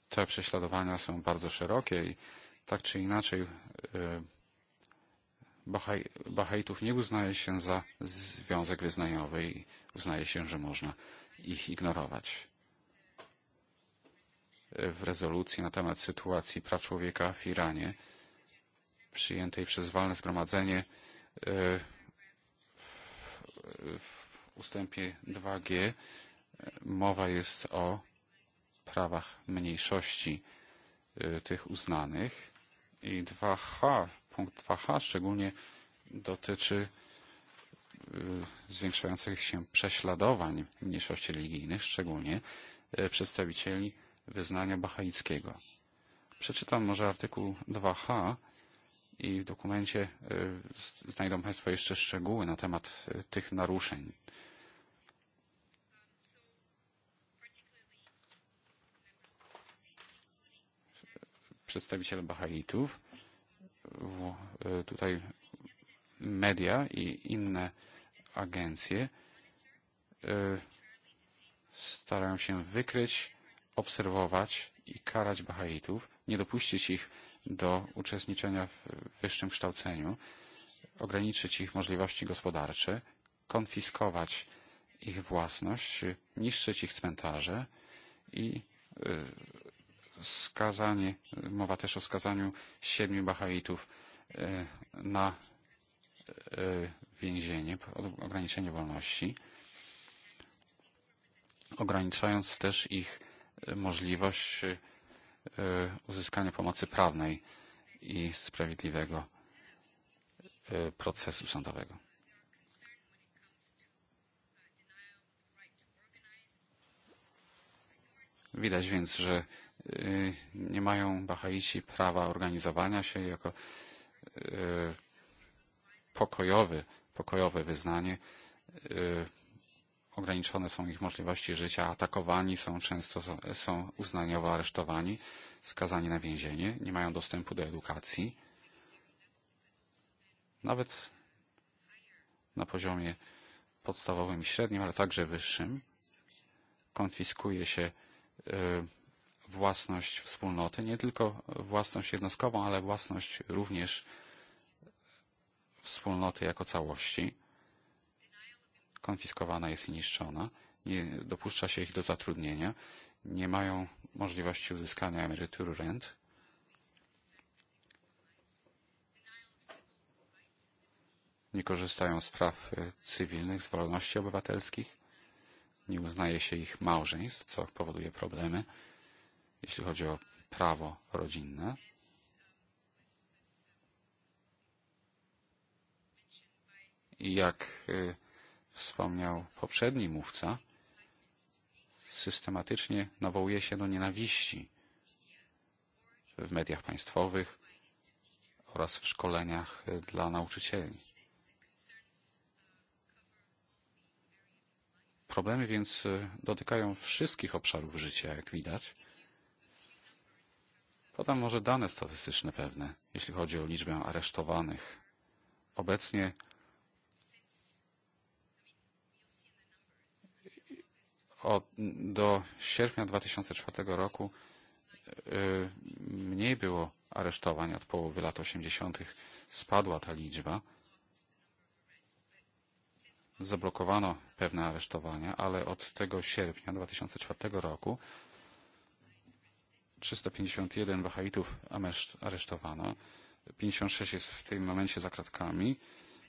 te prześladowania są bardzo szerokie i tak czy inaczej Bahaj, Bahajtów nie uznaje się za związek wyznaniowy i uznaje się, że można ich ignorować. W rezolucji na temat sytuacji praw człowieka w Iranie przyjętej przez walne zgromadzenie e, w ustępie 2g e, mowa jest o prawach mniejszości e, tych uznanych i 2h, punkt 2h szczególnie dotyczy zwiększających się prześladowań mniejszości religijnych, szczególnie przedstawicieli wyznania bahaickiego. Przeczytam może artykuł 2h, i w dokumencie e, znajdą Państwo jeszcze szczegóły na temat e, tych naruszeń. Przedstawiciel Bahaitów, e, tutaj media i inne agencje starają się wykryć, obserwować i karać Bahaitów, nie dopuścić ich do uczestniczenia w wyższym kształceniu, ograniczyć ich możliwości gospodarcze, konfiskować ich własność, niszczyć ich cmentarze i skazanie, mowa też o skazaniu siedmiu Bahaitów na więzienie, ograniczenie wolności, ograniczając też ich możliwość uzyskania e, pomocy prawnej i sprawiedliwego e, procesu sądowego. Widać więc, że nie mają Bahaici prawa organizowania się jako e, pokojowe, pokojowe wyznanie ograniczone są ich możliwości życia, atakowani są często, są uznaniowo aresztowani, skazani na więzienie, nie mają dostępu do edukacji. Nawet na poziomie podstawowym i średnim, ale także wyższym konfiskuje się e, własność wspólnoty, nie tylko własność jednostkową, ale własność również wspólnoty jako całości konfiskowana jest i niszczona, nie dopuszcza się ich do zatrudnienia, nie mają możliwości uzyskania emerytur rent. Nie korzystają z praw e, cywilnych, z wolności obywatelskich. Nie uznaje się ich małżeństw, co powoduje problemy, jeśli chodzi o prawo rodzinne. I jak e, wspomniał poprzedni mówca, systematycznie nawołuje się do nienawiści w mediach państwowych oraz w szkoleniach dla nauczycieli. Problemy więc e, dotykają wszystkich obszarów życia, jak widać. Podam może dane statystyczne pewne, jeśli chodzi o liczbę aresztowanych. Obecnie od, do sierpnia 2004 roku mniej było aresztowań od połowy lat 80. Spadła ta liczba. Zablokowano pewne aresztowania, ale od tego sierpnia 2004 roku 351 Bahaitów aresztowano, 56 jest w tym momencie za kratkami,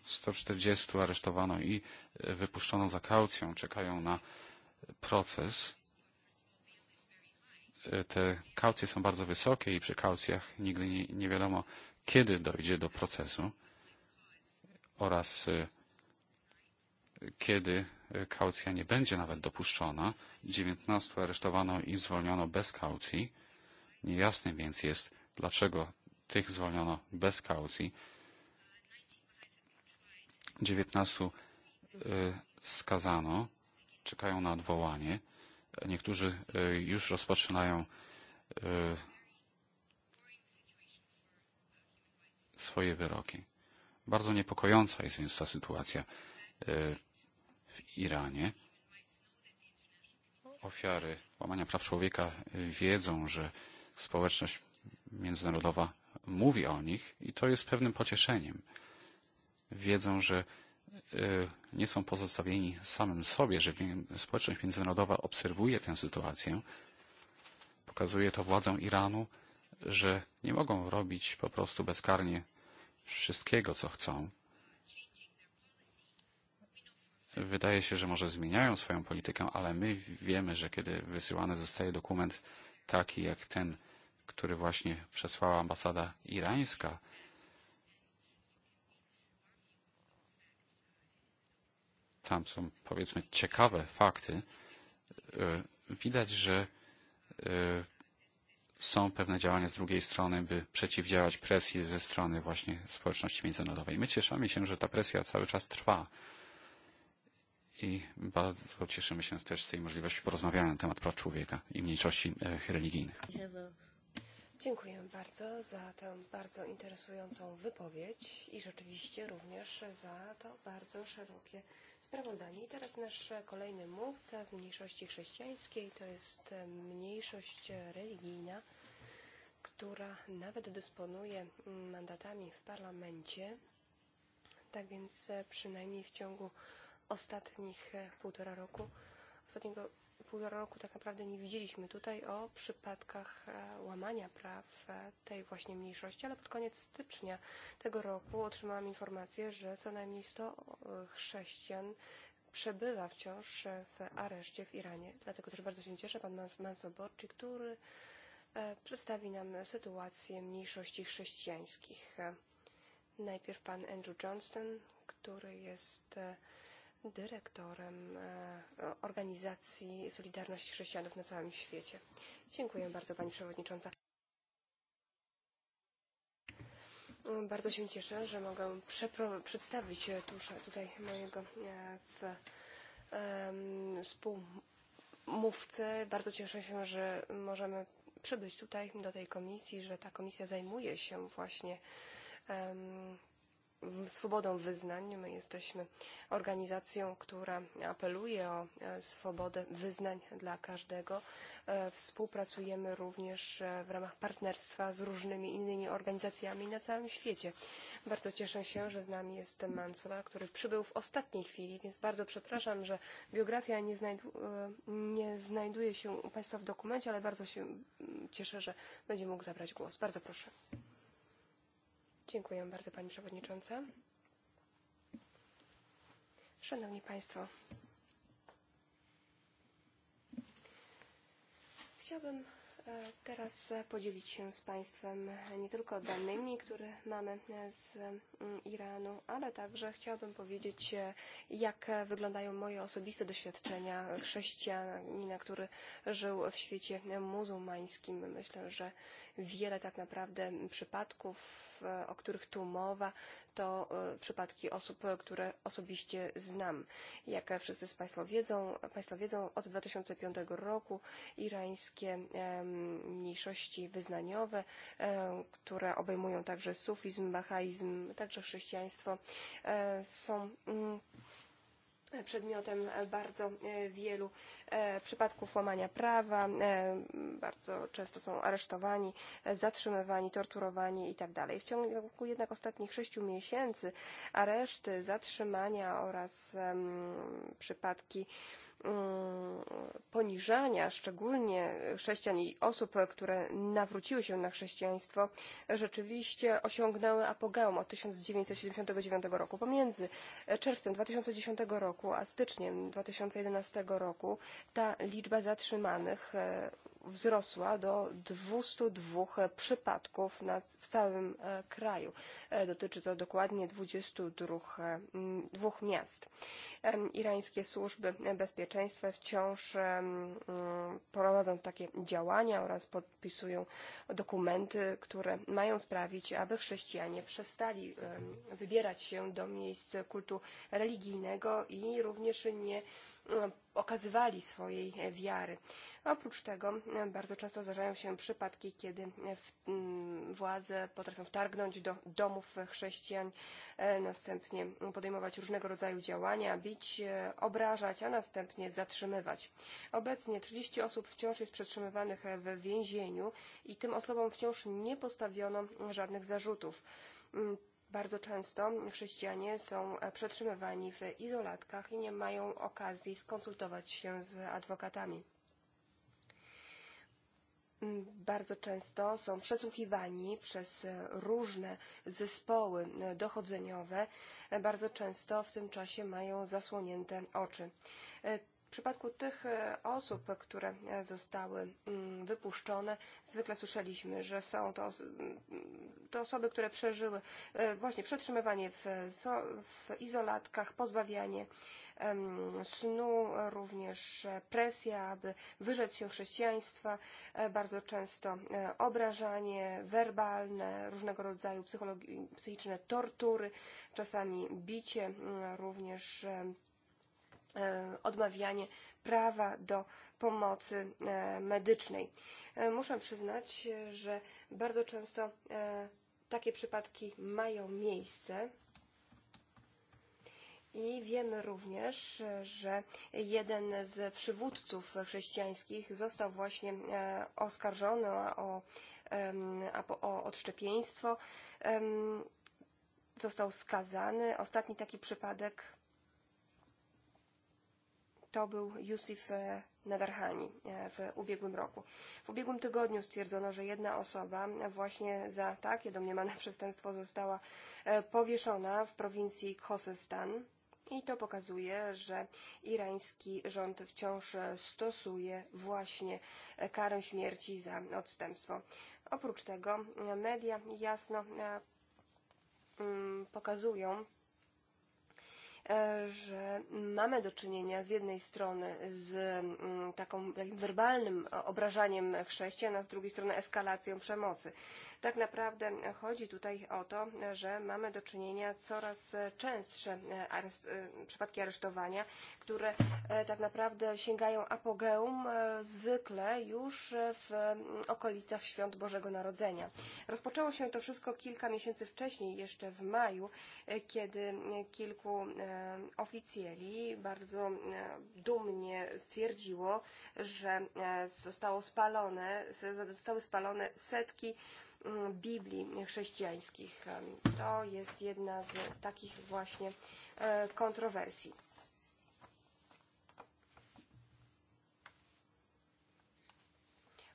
140 aresztowano i wypuszczono za kaucją, czekają na proces. E, te kaucje są bardzo wysokie i przy kaucjach nigdy nie, nie wiadomo, kiedy dojdzie do procesu oraz e, kiedy e, kaucja nie będzie nawet dopuszczona. 19 aresztowano i zwolniono bez kaucji. Niejasne więc jest, dlaczego tych zwolniono bez kaucji. 19 skazano czekają na odwołanie. Niektórzy e, już rozpoczynają e, swoje wyroki. Bardzo niepokojąca jest więc ta sytuacja e, w Iranie. Ofiary łamania praw człowieka wiedzą, że społeczność międzynarodowa mówi o nich i to jest pewnym pocieszeniem. Wiedzą, że E, nie są pozostawieni samym sobie, że społeczność międzynarodowa obserwuje tę sytuację, pokazuje to władzom Iranu, że nie mogą robić po prostu bezkarnie wszystkiego, co chcą. Wydaje się, że może zmieniają swoją politykę, ale my wiemy, że kiedy wysyłany zostaje dokument taki jak ten, który właśnie przesłała ambasada irańska, tam są powiedzmy ciekawe fakty, e, widać, że e, są pewne działania z drugiej strony, by przeciwdziałać presji ze strony właśnie społeczności międzynarodowej. My cieszymy się, że ta presja cały czas trwa i bardzo cieszymy się też z tej możliwości porozmawiania na temat praw człowieka i mniejszości e, religijnych. Dziękuję bardzo za tę bardzo interesującą wypowiedź i rzeczywiście również za to bardzo szerokie sprawozdanie. I teraz nasz kolejny mówca z mniejszości chrześcijańskiej to jest mniejszość religijna, która nawet dysponuje mandatami w parlamencie. Tak więc przynajmniej w ciągu ostatnich półtora roku, ostatniego półtora roku tak naprawdę nie widzieliśmy tutaj o przypadkach e, łamania praw e, tej właśnie mniejszości, ale pod koniec stycznia tego roku otrzymałam informację, że co najmniej 100 e, chrześcijan przebywa wciąż w areszcie w Iranie. Dlatego też bardzo się cieszę pan Mansoborczy, który przedstawi nam sytuację mniejszości chrześcijańskich. Najpierw pan Andrew Johnston, który jest dyrektorem e, e, organizacji Solidarność Chrześcijanów na całym świecie. Dziękuję bardzo Pani Przewodnicząca. Bardzo się cieszę, że mogę przedstawić tuż tutaj mojego e, w, um, współmówcę. Bardzo cieszę się, że możemy przybyć tutaj do tej komisji, że ta komisja zajmuje się właśnie um, swobodą wyznań. My jesteśmy organizacją, która apeluje o e, swobodę wyznań dla każdego. E, współpracujemy również e, w ramach partnerstwa z różnymi innymi organizacjami na całym świecie. Bardzo cieszę się, że z nami jest Mansula, który przybył w ostatniej chwili, więc bardzo przepraszam, że biografia nie, znajdu, nie znajduje się u Państwa w dokumencie, ale bardzo się cieszę, że będzie mógł zabrać głos. Bardzo proszę. Dziękuję bardzo Pani Przewodnicząca. Szanowni Państwo, chciałbym e, teraz podzielić się z Państwem nie tylko danymi, które mamy e, z Iranu, ale także chciałabym powiedzieć, e, jak wyglądają moje osobiste doświadczenia chrześcijanina, który żył w świecie muzułmańskim. Myślę, że wiele tak naprawdę przypadków E, o których tu mowa, to e, przypadki osób, e, które osobiście znam. Jak wszyscy z Państwa wiedzą, Państwo wiedzą, od 2005 roku irańskie mniejszości wyznaniowe, które obejmują także sufizm, bahaizm, także chrześcijaństwo, są mm, przedmiotem eh, bardzo eh, wielu eh, przypadków łamania prawa. Bardzo często są aresztowani, zatrzymywani, torturowani itd. W ciągu jednak ostatnich sześciu miesięcy areszty, zatrzymania oraz przypadki Mm, poniżania, szczególnie chrześcijan i osób, które nawróciły się na chrześcijaństwo, rzeczywiście osiągnęły apogeum od 1979 roku. Pomiędzy czerwcem 2010 roku a styczniem 2011 roku ta liczba zatrzymanych e, wzrosła do 202 e, przypadków na, w całym e, kraju. E, dotyczy to dokładnie 22 dwóch miast. Irańskie służby bezpieczeństwa wciąż prowadzą takie działania oraz podpisują dokumenty, które mają sprawić, aby chrześcijanie przestali wybierać się do miejsc kultu religijnego i również nie okazywali swojej e, wiary. Oprócz tego e, bardzo często zdarzają się przypadki, kiedy e, mm, władze potrafią wtargnąć do domów chrześcijan, następnie podejmować różnego rodzaju działania, bić, obrażać, a następnie zatrzymywać. Obecnie 30 osób wciąż jest przetrzymywanych w więzieniu i tym osobom wciąż nie postawiono żadnych zarzutów mm, Bardzo często chrześcijanie są e, przetrzymywani w izolatkach i nie mają okazji skonsultować się z adwokatami. Mm, bardzo często są przesłuchiwani przez e, różne zespoły e, dochodzeniowe. Bardzo często w tym czasie mają zasłonięte oczy przypadku tych e, osób, które e, zostały mm, wypuszczone, zwykle słyszeliśmy, że są to, mm, to osoby, które przeżyły e, właśnie przetrzymywanie w, w izolatkach, pozbawianie snu, również presja, aby wyrzec się chrześcijaństwa, bardzo często obrażanie werbalne, różnego rodzaju psychiczne tortury, czasami bicie, mm, również Eh, odmawianie prawa do pomocy eh, medycznej. Eh, muszę przyznać, że bardzo często takie przypadki mają miejsce. I wiemy również, że jeden z przywódców chrześcijańskich został właśnie oskarżony o, o odszczepieństwo, został skazany. Ostatni taki przypadek to był Yusuf e, Nadarhani e, w ubiegłym roku. W ubiegłym tygodniu stwierdzono, że jedna osoba właśnie za takie domniemane [laughs] przestępstwo została e, powieszona w prowincji Khosestan. I to pokazuje, że irański rząd wciąż stosuje właśnie karę śmierci za odstępstwo. Oprócz tego media jasno mm, pokazują, że mamy do czynienia z jednej strony z mm, taką, takim werbalnym obrażaniem chrześcijan, a z drugiej strony eskalacją przemocy. Tak naprawdę chodzi tutaj o to, że mamy do czynienia coraz częstsze e, areszt, e, przypadki aresztowania, które e, tak naprawdę sięgają apogeum zwykle już w mm, okolicach świąt Bożego Narodzenia. Rozpoczęło się to wszystko kilka miesięcy wcześniej, jeszcze w maju, kiedy kilku oficjeli bardzo dumnie stwierdziło, że zostało spalone, zostały spalone setki Biblii chrześcijańskich. To jest jedna z takich właśnie e, kontrowersji.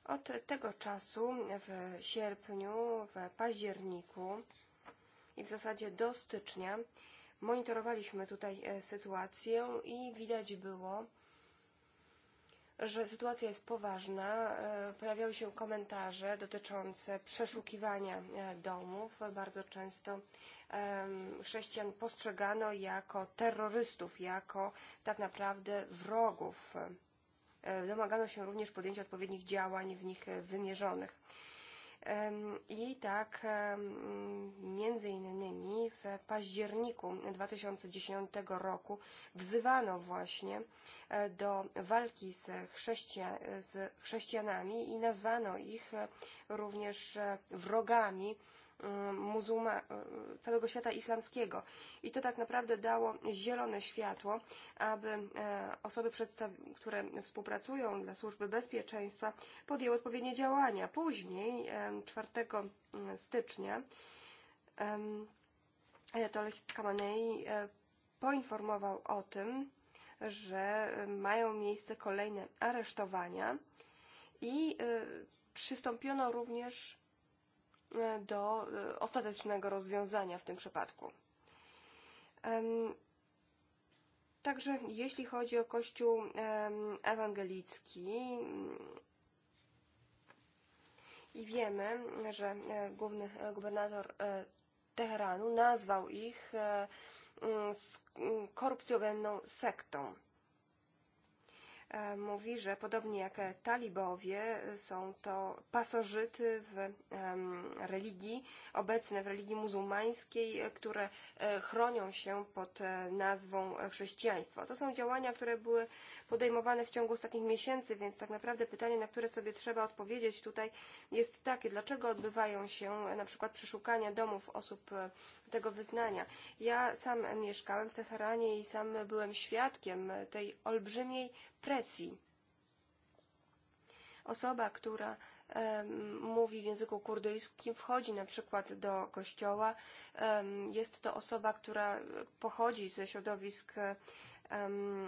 Od tego czasu w sierpniu, w październiku i w zasadzie do stycznia monitorowaliśmy tutaj e, sytuację i widać było, że sytuacja jest poważna. E, Pojawiały się komentarze dotyczące przeszukiwania e, domów. Bardzo często chrześcijan postrzegano jako terrorystów, jako tak naprawdę wrogów. Domagano się również podjęcia odpowiednich działań w nich wymierzonych i ehm, tak ehm, między innymi w październiku 2010 roku wzywano właśnie e, do walki z, chrześcija, z chrześcijanami i nazwano ich e, również e, wrogami muzułma, e, całego świata islamskiego. I to tak naprawdę dało zielone światło, aby e, osoby, które współpracują dla służby bezpieczeństwa, podjęły odpowiednie działania. Później, 4 e, mm, stycznia, Ayatollah Khamenei poinformował o tym, że mają miejsce kolejne aresztowania i przystąpiono również do e, ostatecznego rozwiązania w tym przypadku. Także jeśli chodzi o Kościół ewangelicki, i wiemy, że e, główny e, gubernator Teheranu nazwał ich korupcjogenną sektą. E, mówi, że podobnie jak talibowie e, są to pasożyty w religii, obecne w religii muzułmańskiej, e, które chronią się pod nazwą chrześcijaństwo. To są działania, które były podejmowane w ciągu ostatnich miesięcy, więc tak naprawdę pytanie, na które sobie trzeba odpowiedzieć tutaj jest takie, dlaczego odbywają się na przykład przeszukania domów osób tego wyznania. Ja sam mieszkałem w Teheranie i sam byłem świadkiem tej olbrzymiej presji. Osoba, która mówi w języku kurdyjskim, wchodzi na przykład do kościoła. Jest to osoba, która pochodzi ze środowisk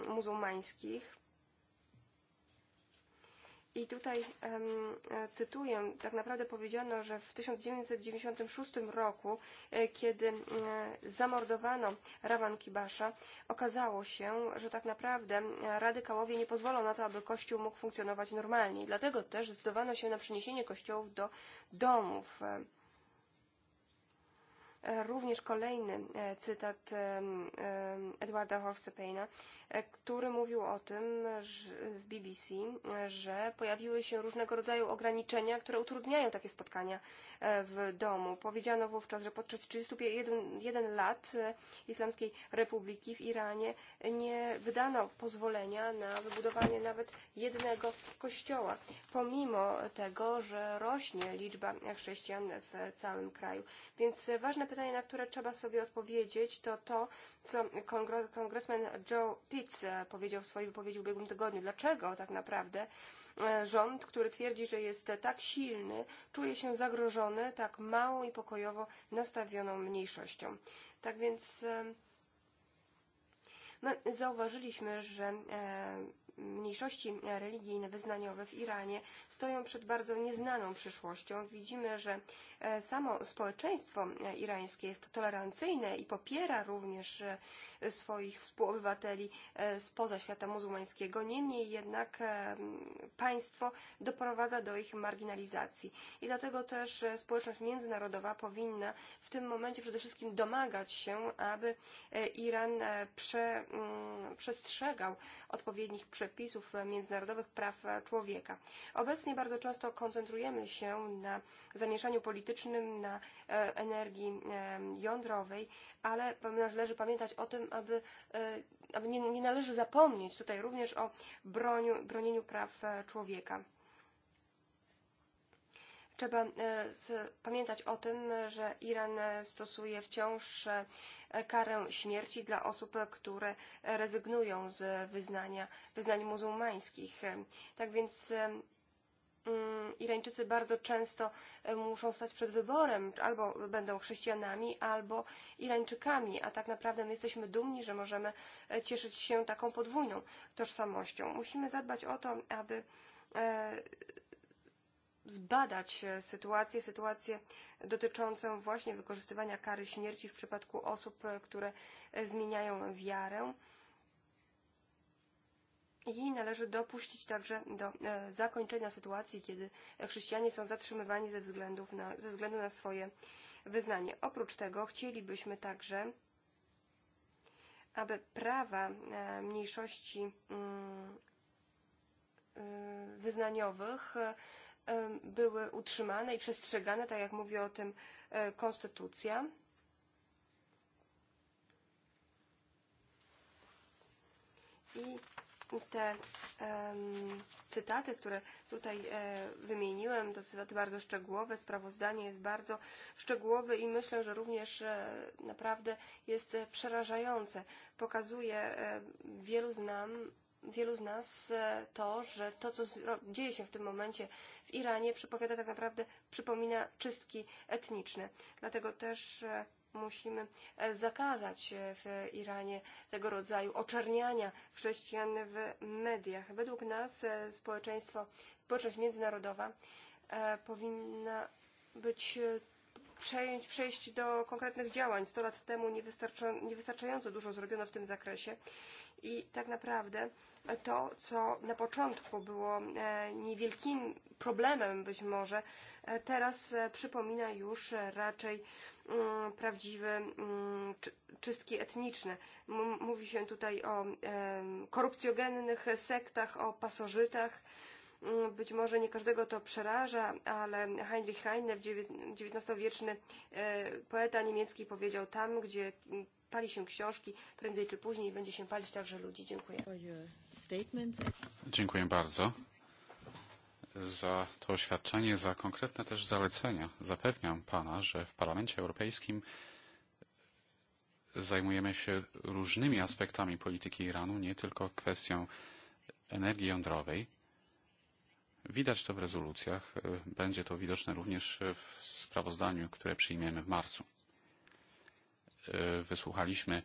muzułmańskich i tutaj e, cytuję, tak naprawdę powiedziano, że w 1996 roku, e, kiedy zamordowano Rawan Kibasza, okazało się, że tak naprawdę radykałowie nie pozwolą na to, aby Kościół mógł funkcjonować normalnie. Dlatego też zdecydowano się na przeniesienie kościołów do domów. Również kolejny e, cytat e, e, Edwarda Horsepaina, który mówił o tym że w BBC, że pojawiły się różnego rodzaju ograniczenia, które utrudniają takie spotkania w domu. Powiedziano wówczas, że podczas 31 lat Islamskiej Republiki w Iranie nie wydano pozwolenia na wybudowanie nawet jednego kościoła, pomimo tego, że rośnie liczba chrześcijan w całym kraju. Więc ważne pytanie, na które trzeba sobie odpowiedzieć, to to, co kongresmen Joe Pitts e, powiedział w swojej wypowiedzi w ubiegłym tygodniu. Dlaczego tak naprawdę e, rząd, który twierdzi, że jest tak silny, czuje się zagrożony tak małą i pokojowo nastawioną mniejszością. Tak więc my e, no, zauważyliśmy, że mniejszości religijne, wyznaniowe w Iranie stoją przed bardzo nieznaną przyszłością. Widzimy, że e, samo społeczeństwo irańskie jest tolerancyjne i popiera również e, swoich współobywateli e, spoza świata muzułmańskiego. Niemniej jednak państwo doprowadza do ich marginalizacji. I dlatego też społeczność międzynarodowa powinna w tym momencie przede wszystkim domagać się, aby Iran prze, mm, przestrzegał odpowiednich przepisów przepisów międzynarodowych praw człowieka. Obecnie bardzo często koncentrujemy się na zamieszaniu politycznym, na e, energii e, jądrowej, ale należy pamiętać o tym, aby e, aby nie, nie należy zapomnieć tutaj również o broniu, bronieniu praw człowieka. Trzeba e, pamiętać o tym, że Iran e, stosuje wciąż e, karę śmierci dla osób, które rezygnują z wyznania, wyznań muzułmańskich. Tak więc mm, Irańczycy bardzo często muszą stać przed wyborem, albo będą chrześcijanami, albo Irańczykami, a tak naprawdę my jesteśmy dumni, że możemy cieszyć się taką podwójną tożsamością. Musimy zadbać o to, aby zbadać e, sytuację, sytuację dotyczącą właśnie wykorzystywania kary śmierci w przypadku osób, e, które e, zmieniają wiarę. I należy dopuścić także do zakończenia sytuacji, kiedy chrześcijanie są zatrzymywani ze, względów na, ze względu na swoje wyznanie. Oprócz tego chcielibyśmy także, aby prawa mniejszości mm, wyznaniowych były utrzymane i przestrzegane, tak jak mówi o tym e, konstytucja. I te um, cytaty, które tutaj e, wymieniłem, to cytaty bardzo szczegółowe, sprawozdanie jest bardzo szczegółowe i myślę, że również e, naprawdę jest e, przerażające. Pokazuje e, wielu z nas, wielu z nas e, to, że to, co dzieje się w tym momencie w Iranie, przypowiada tak naprawdę, przypomina czystki etniczne. Dlatego też e, musimy e, zakazać w Iranie tego rodzaju oczerniania chrześcijan w mediach. Według nas społeczeństwo, społeczność międzynarodowa powinna być przejąć, przejść do konkretnych działań. Sto lat temu niewystarczająco dużo zrobiono w tym zakresie i tak naprawdę to, co na początku było e, niewielkim problemem być może, e, teraz e, przypomina już raczej mm, prawdziwe mm, czystki etniczne. Mówi się tutaj o korupcjogennych sektach, o pasożytach. Mm, być może nie każdego to przeraża, ale Heinrich Heine, XIX-wieczny poeta niemiecki, powiedział tam, gdzie pali się książki, prędzej czy później będzie się palić także ludzi. Dziękuję. Dziękuję bardzo za to oświadczenie, za konkretne też zalecenia. Zapewniam Pana, że w Parlamencie Europejskim zajmujemy się różnymi aspektami polityki Iranu, nie tylko kwestią energii jądrowej. Widać to w rezolucjach, będzie to widoczne również w sprawozdaniu, które przyjmiemy w marcu. E, wysłuchaliśmy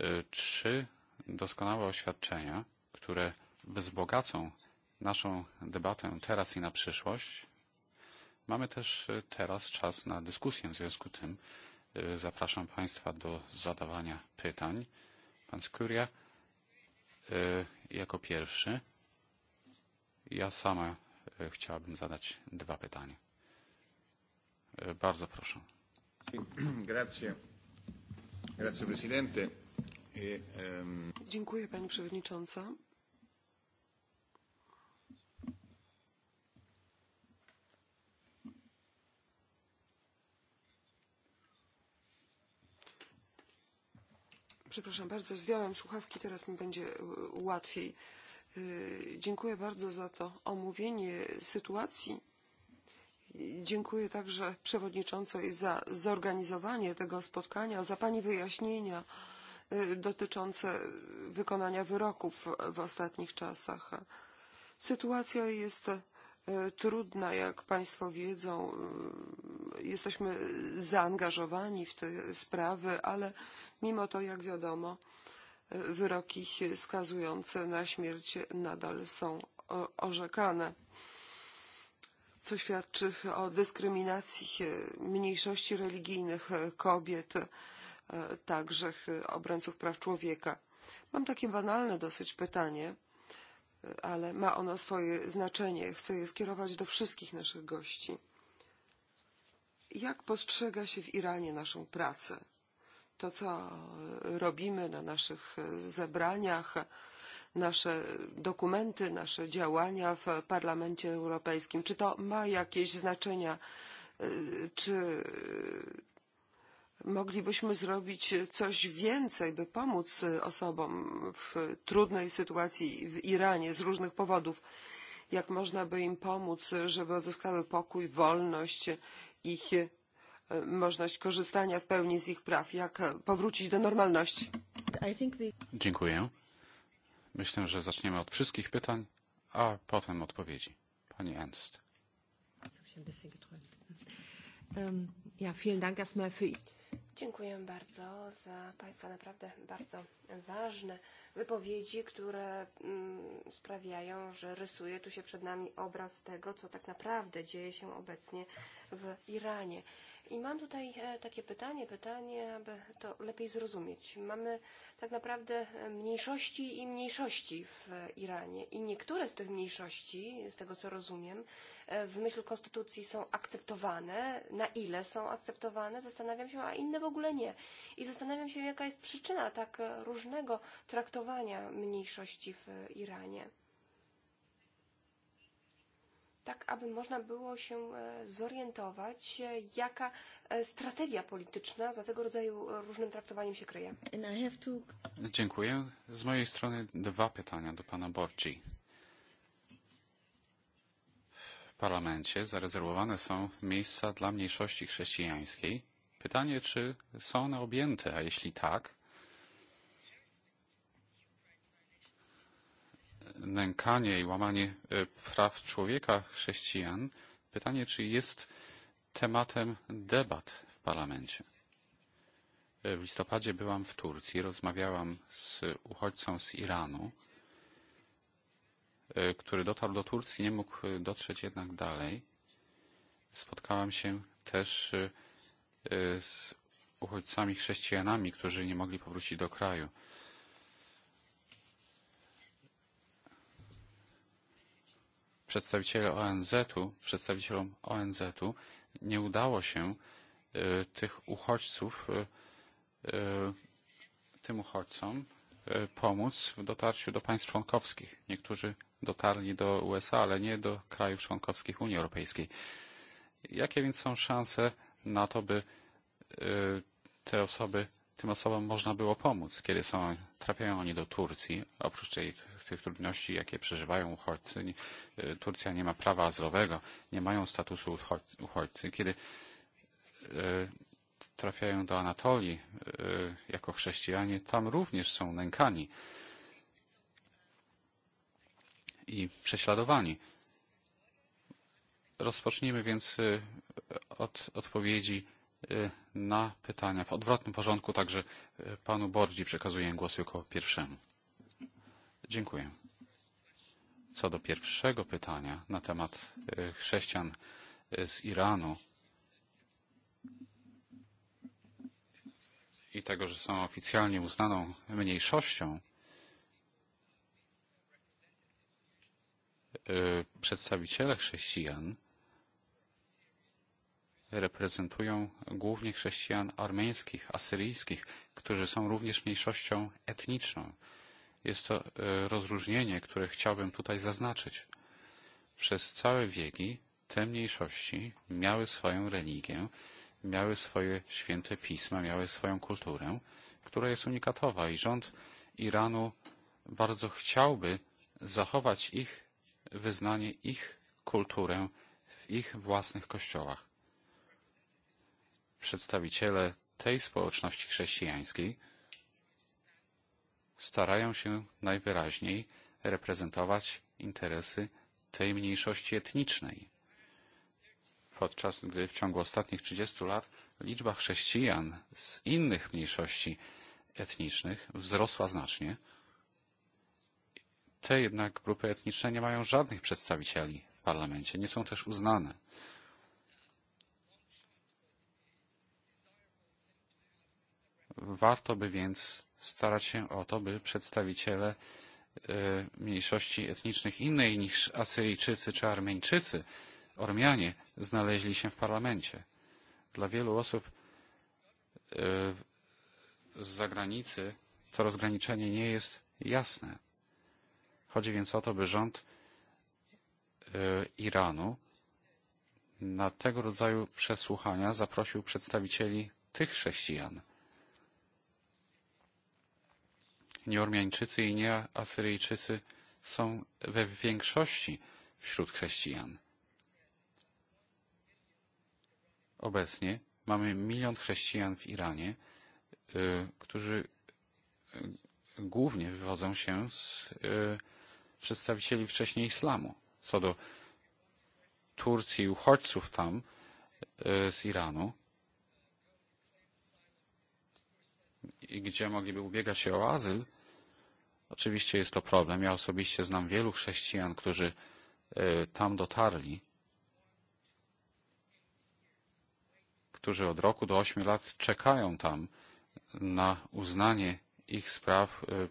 e, trzy doskonałe oświadczenia, które wzbogacą naszą debatę teraz i na przyszłość. Mamy też e, teraz czas na dyskusję. W związku z tym zapraszam Państwa do zadawania pytań. Pan Skuria jako pierwszy. Ja sama chciałabym zadać dwa pytania. Bardzo proszę. Grazie paní předsedající přepraszam bardzo, zdjąłem słuchawki, teraz mi będzie e, łatwiej. E, dziękuję bardzo za to omówienie sytuacji Dziękuję także przewodniczącej za zorganizowanie tego spotkania, za Pani wyjaśnienia dotyczące wykonania wyroków w ostatnich czasach. Sytuacja jest trudna, jak Państwo wiedzą. Jesteśmy zaangażowani w te sprawy, ale mimo to, jak wiadomo, wyroki skazujące na śmierć nadal są orzekane co świadczy o dyskryminacji e, mniejszości religijnych e, kobiet, e, także obrońców praw człowieka. Mam takie banalne dosyć pytanie, ale ma ono swoje znaczenie. Chcę je skierować do wszystkich naszych gości. Jak postrzega się w Iranie naszą pracę? To, co robimy na naszych zebraniach, nasze dokumenty, nasze działania w Parlamencie Europejskim. Czy to ma jakieś znaczenie? Czy moglibyśmy zrobić coś więcej, by pomóc osobom w trudnej sytuacji w Iranie z różnych powodów? Jak można by im pomóc, żeby odzyskały pokój, wolność, ich możliwość korzystania w pełni z ich praw? Jak powrócić do normalności? Dziękuję. Myślę, że zaczniemy od wszystkich pytań, a potem odpowiedzi. Pani Ernst. Ehm, vielen Dank erstmal für... Dziękuję bardzo za Państwa naprawdę bardzo ważne wypowiedzi, które mm, sprawiają, że rysuje tu się przed nami obraz tego, co tak naprawdę dzieje się obecnie w Iranie. I mam tutaj e, takie pytanie, pytanie, aby to lepiej zrozumieć. Mamy tak naprawdę mniejszości i mniejszości w Iranie i niektóre z tych mniejszości, z tego co rozumiem, e, w myśl konstytucji są akceptowane, na ile są akceptowane, zastanawiam się, a inne w ogóle nie. I zastanawiam się, jaka jest przyczyna tak różnego traktowania mniejszości w Iranie tak aby można było się eh, zorientować, jaka eh, strategia polityczna za tego rodzaju eh, różnym traktowaniem się kryje. To... Dziękuję. Z mojej strony dwa pytania do pana Borci. W parlamencie zarezerwowane są miejsca dla mniejszości chrześcijańskiej. Pytanie, czy są one objęte, a jeśli tak, nękanie i łamanie e, praw człowieka chrześcijan, pytanie, czy jest tematem debat w parlamencie. E, w listopadzie byłam w Turcji, rozmawiałam z uchodźcą z Iranu, e, który dotarł do Turcji, nie mógł dotrzeć jednak dalej. Spotkałam się też z uchodźcami chrześcijanami, którzy nie mogli powrócić do kraju. przedstawiciele ONZ-u, przedstawicielom ONZ-u nie udało się e, tych uchodźców, e, e, tym uchodźcom pomóc w dotarciu do państw członkowskich. Niektórzy dotarli do USA, ale nie do krajów członkowskich Unii Europejskiej. Jakie więc są szanse na to, by te osoby tym osobom można było pomóc, kiedy są, trafiają oni do Turcji. Oprócz tej, tych trudności, jakie przeżywają uchodźcy, Nie, e, Turcja nie ma prawa azylowego, nie mają statusu uchodźcy. Kiedy e, trafiają do Anatolii e, jako chrześcijanie, tam również są nękani i prześladowani. Rozpocznijmy więc od odpowiedzi E, na pytania w odwrotnym porządku, także e, panu Bordzi przekazuję głos jako pierwszemu. Dziękuję. Co do pierwszego pytania na temat e, chrześcijan z Iranu i tego, że są oficjalnie uznaną mniejszością, przedstawiciele chrześcijan reprezentują głównie chrześcijan armeńskich, asyryjskich, którzy są również mniejszością etniczną. Jest to e, rozróżnienie, które chciałbym tutaj zaznaczyć. Przez całe wieki te mniejszości miały swoją religię, miały swoje święte pisma, miały swoją kulturę, która jest unikatowa i rząd Iranu bardzo chciałby zachować ich wyznanie, ich kulturę w ich własnych kościołach przedstawiciele tej społeczności chrześcijańskiej starają się najwyraźniej reprezentować interesy tej mniejszości etnicznej, podczas gdy w ciągu ostatnich 30 lat liczba chrześcijan z innych mniejszości etnicznych wzrosła znacznie. Te jednak grupy etniczne nie mają żadnych przedstawicieli w parlamencie, nie są też uznane Warto by więc starać się o to, by przedstawiciele e, mniejszości etnicznych innej niż Asyryjczycy czy Armeńczycy, Ormianie, znaleźli się w parlamencie. Dla wielu osób e, z zagranicy to rozgraniczenie nie jest jasne. Chodzi więc o to, by rząd e, Iranu na tego rodzaju przesłuchania zaprosił przedstawicieli tych chrześcijan. Nieormiańczycy i nieasyryjczycy są we większości wśród chrześcijan. Obecnie mamy milion chrześcijan w Iranie, którzy głównie wywodzą się z przedstawicieli wcześniej islamu. Co do Turcji, i uchodźców tam z Iranu, i gdzie mogliby ubiegać się o azyl, Oczywiście jest to problem. Ja osobiście znam wielu chrześcijan, którzy e, tam dotarli, którzy od roku do ośmiu lat czekają tam na uznanie ich spraw, e,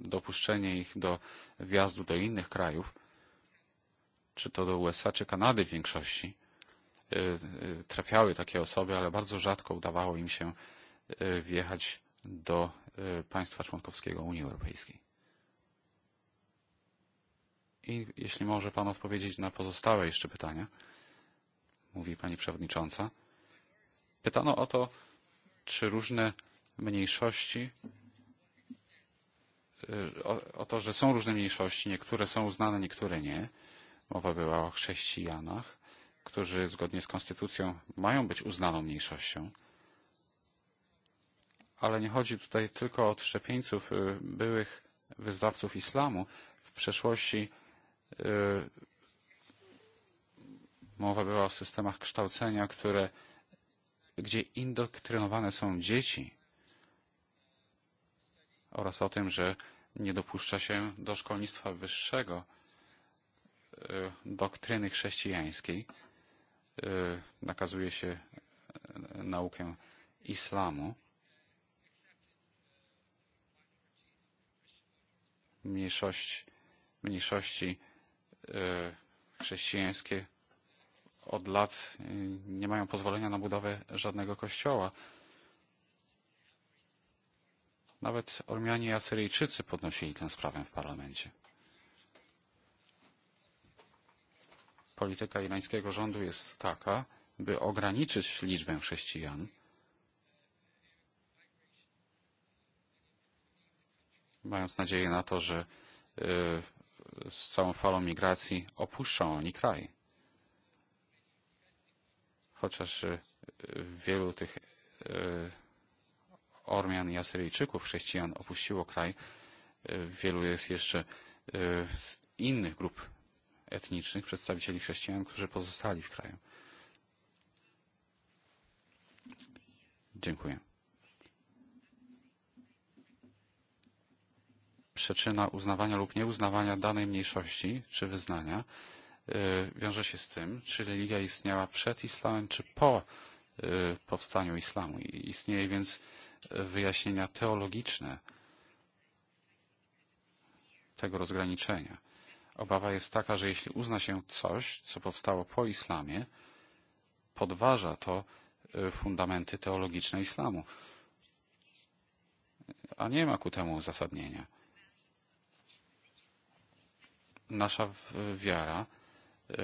dopuszczenie ich do wjazdu do innych krajów, czy to do USA, czy Kanady w większości. E, trafiały takie osoby, ale bardzo rzadko udawało im się wjechać do E, państwa członkowskiego Unii Europejskiej. I jeśli może Pan odpowiedzieć na pozostałe jeszcze pytania, mówi Pani Przewodnicząca. Pytano o to, czy różne mniejszości, e, o, o to, że są różne mniejszości, niektóre są uznane, niektóre nie. Mowa była o chrześcijanach, którzy zgodnie z konstytucją mają być uznaną mniejszością ale nie chodzi tutaj tylko o szczepieńców byłych wyznawców islamu. W przeszłości mowa była o systemach kształcenia, które, gdzie indoktrynowane są dzieci oraz o tym, że nie dopuszcza się do szkolnictwa wyższego doktryny chrześcijańskiej. Nakazuje się naukę islamu. mniejszość, mniejszości chrześcijańskie od lat nie mają pozwolenia na budowę żadnego kościoła. Nawet Ormianie i Asyryjczycy podnosili tę sprawę w parlamencie. Polityka irańskiego rządu jest taka, by ograniczyć liczbę chrześcijan, mając nadzieję na to, że e, z całą falą migracji opuszczą oni kraj. Chociaż e, wielu tych e, Ormian i Asyryjczyków, chrześcijan opuściło kraj, wielu jest jeszcze z innych grup etnicznych, przedstawicieli chrześcijan, którzy pozostali w kraju. Dziękuję. przyczyna uznawania lub nieuznawania danej mniejszości czy wyznania e, wiąże się z tym, czy religia istniała przed islamem, czy po e, powstaniu islamu. Istnieje więc e, wyjaśnienia teologiczne tego rozgraniczenia. Obawa jest taka, że jeśli uzna się coś, co powstało po islamie, podważa to fundamenty teologiczne islamu. A nie ma ku temu uzasadnienia nasza wiara e,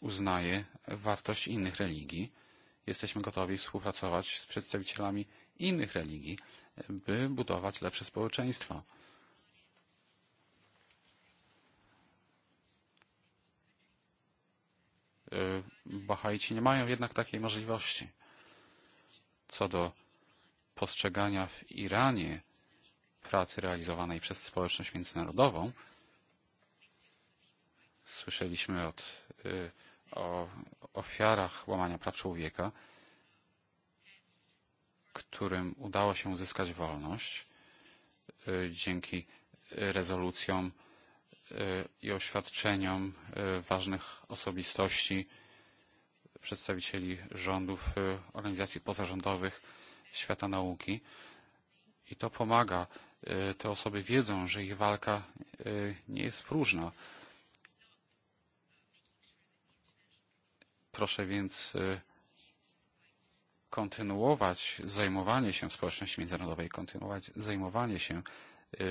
uznaje wartość innych religii. Jesteśmy gotowi współpracować z przedstawicielami innych religii, by budować lepsze społeczeństwo. E, Bahaici nie mają jednak takiej możliwości. Co do postrzegania w Iranie pracy realizowanej przez społeczność międzynarodową, Słyszeliśmy od, o ofiarach łamania praw człowieka, którym udało się uzyskać wolność dzięki rezolucjom i oświadczeniom ważnych osobistości, przedstawicieli rządów, organizacji pozarządowych, świata nauki. I to pomaga. Te osoby wiedzą, że ich walka nie jest próżna. Proszę więc kontynuować zajmowanie się społeczności międzynarodowej, kontynuować zajmowanie się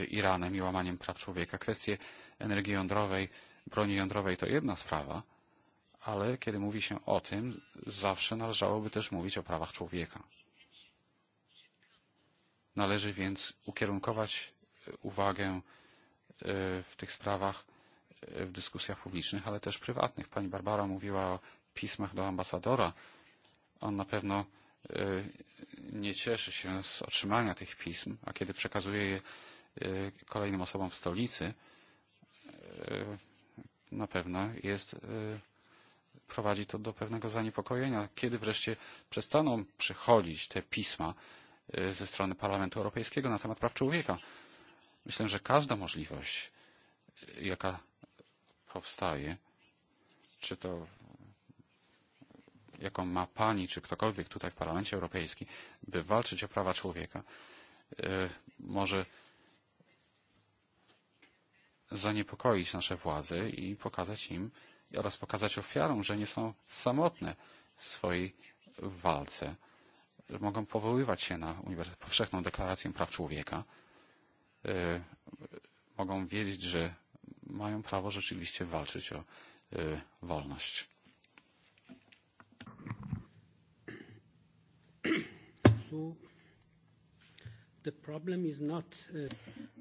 Iranem i łamaniem praw człowieka. Kwestie energii jądrowej, broni jądrowej to jedna sprawa, ale kiedy mówi się o tym, zawsze należałoby też mówić o prawach człowieka. Należy więc ukierunkować uwagę w tych sprawach w dyskusjach publicznych, ale też prywatnych. Pani Barbara mówiła o pismach do ambasadora. On na pewno e, nie cieszy się z otrzymania tych pism, a kiedy przekazuje je e, kolejnym osobom w stolicy, e, na pewno jest, prowadzi to do pewnego zaniepokojenia. Kiedy wreszcie przestaną przychodzić te pisma ze strony Parlamentu Europejskiego na temat praw człowieka? Myślę, że każda możliwość, jaka powstaje, czy to jaką ma pani czy ktokolwiek tutaj w Parlamencie Europejskim, by walczyć o prawa człowieka, e, może zaniepokoić nasze władze i pokazać im oraz pokazać ofiarom, że nie są samotne w swojej walce. że Mogą powoływać się na powszechną deklarację praw człowieka. E, mogą wiedzieć, że mają prawo rzeczywiście walczyć o e, wolność. Uh,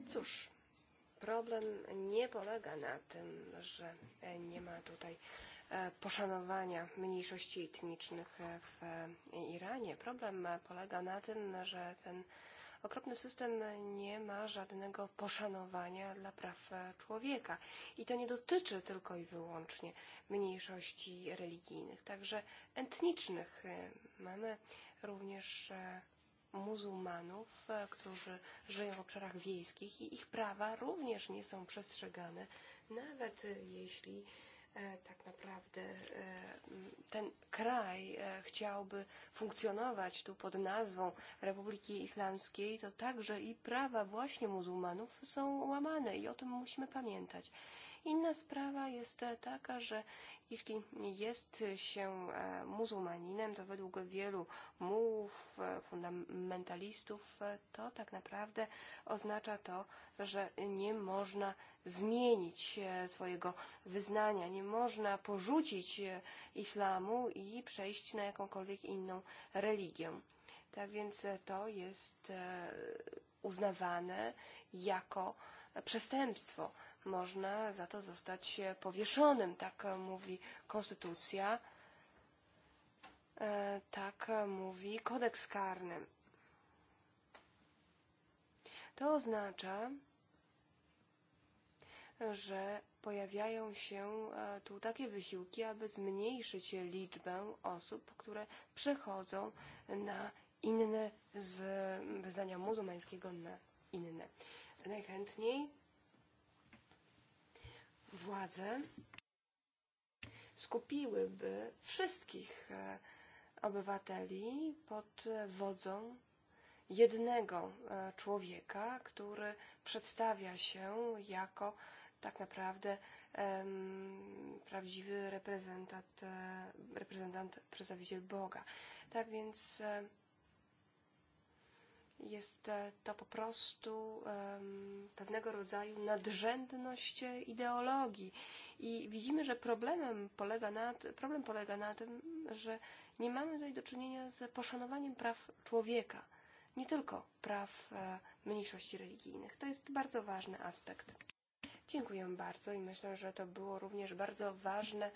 Cóż, problem nie polega na tym, że e, nie ma tutaj e, poszanowania mniejszości etnicznych e, w Iranie. Problem polega na tym, że ten Okropny system nie ma żadnego poszanowania dla praw e, człowieka. I to nie dotyczy tylko i wyłącznie mniejszości religijnych, także etnicznych. E, mamy również e, muzułmanów, którzy żyją w obszarach wiejskich i ich prawa również nie są przestrzegane, nawet jeśli Eh, tak naprawdę eh, ten kraj eh, chciałby funkcjonować tu pod nazwą Republiki Islamskiej, to także i prawa właśnie muzułmanów są łamane i o tym musimy pamiętać. Inna sprawa jest taka, że jeśli jest się e, muzułmaninem, to według wielu mułów, e, fundamentalistów, e, to tak naprawdę oznacza to, że nie można zmienić swojego wyznania, nie można porzucić islamu i przejść na jakąkolwiek inną religię. Tak więc to jest uznawane jako przestępstwo można za to zostać powieszonym, tak mówi konstytucja, e, tak mówi kodeks karny. To oznacza, że pojawiają się e, tu takie wysiłki, aby zmniejszyć liczbę osób, które przechodzą na inne z wyznania muzułmańskiego na inne. Najchętniej władze skupiłyby wszystkich e, obywateli pod wodzą jednego e, człowieka, który przedstawia się jako tak naprawdę um, prawdziwy e, reprezentant, reprezentant, przedstawiciel Boga. Tak więc Jest to po prostu um, pewnego rodzaju nadrzędność ideologii. I widzimy, że problemem polega na, problem polega na tym, że nie mamy tutaj do czynienia z poszanowaniem praw człowieka, nie tylko praw e, mniejszości religijnych. To jest bardzo ważny aspekt. Dziękuję bardzo i myślę, że to było również bardzo ważne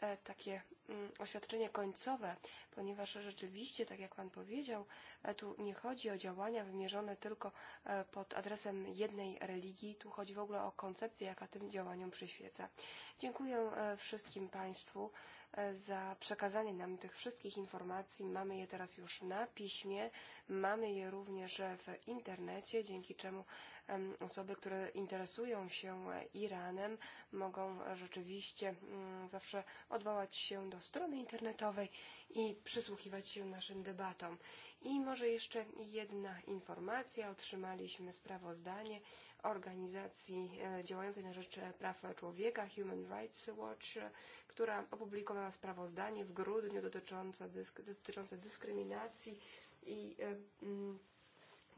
E, takie mm, oświadczenie końcowe, ponieważ rzeczywiście, tak jak Pan powiedział, e, tu nie chodzi o działania wymierzone tylko e, pod adresem jednej religii, tu chodzi w ogóle o koncepcję, jaka tym działaniom przyświeca. Dziękuję wszystkim Państwu za przekazanie nam tych wszystkich informacji. Mamy je teraz już na piśmie, mamy je również w internecie, dzięki czemu osoby, które interesują się Iranem, mogą rzeczywiście mm, zawsze odwołać się do strony internetowej i przysłuchiwać się naszym debatom. I może jeszcze jedna informacja. Otrzymaliśmy sprawozdanie organizacji e, działającej na rzecz praw człowieka Human Rights Watch, która opublikowała sprawozdanie w grudniu dotyczące, dysk dotyczące dyskryminacji i y, e, y, mm,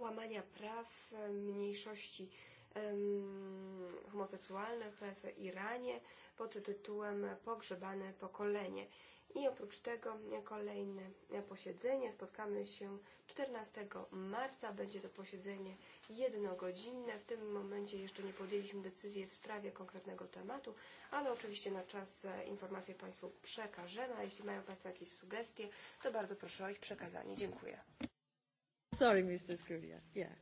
łamania praw mniejszości homoseksualnych w Iranie pod tytułem Pogrzebane pokolenie. I oprócz tego kolejne posiedzenie. Spotkamy się 14 marca. Będzie to posiedzenie jednogodzinne. W tym momencie jeszcze nie podjęliśmy decyzji w sprawie konkretnego tematu, ale oczywiście na czas informacje Państwu przekażemy. A jeśli mają Państwo jakieś sugestie, to bardzo proszę o ich przekazanie. Dziękuję sorry, Mr. Scuria. Yeah.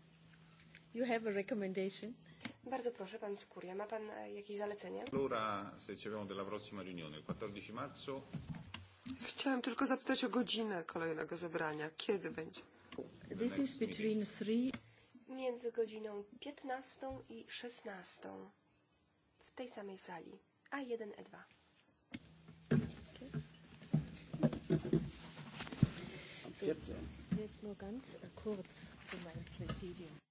You have a recommendation? Bardzo proszę, pan Skuria. Ma pan e, jakieś zalecenie? Lura, se ci abbiamo della prossima riunione, il 14 marzo. Chciałem tylko zapytać o godzinę kolejnego zebrania. Kiedy będzie? This is between three... Między godziną 15 i 16 w tej samej sali, A1, E2. Okay jetzt nur ganz äh, kurz zu meinem Präsidium.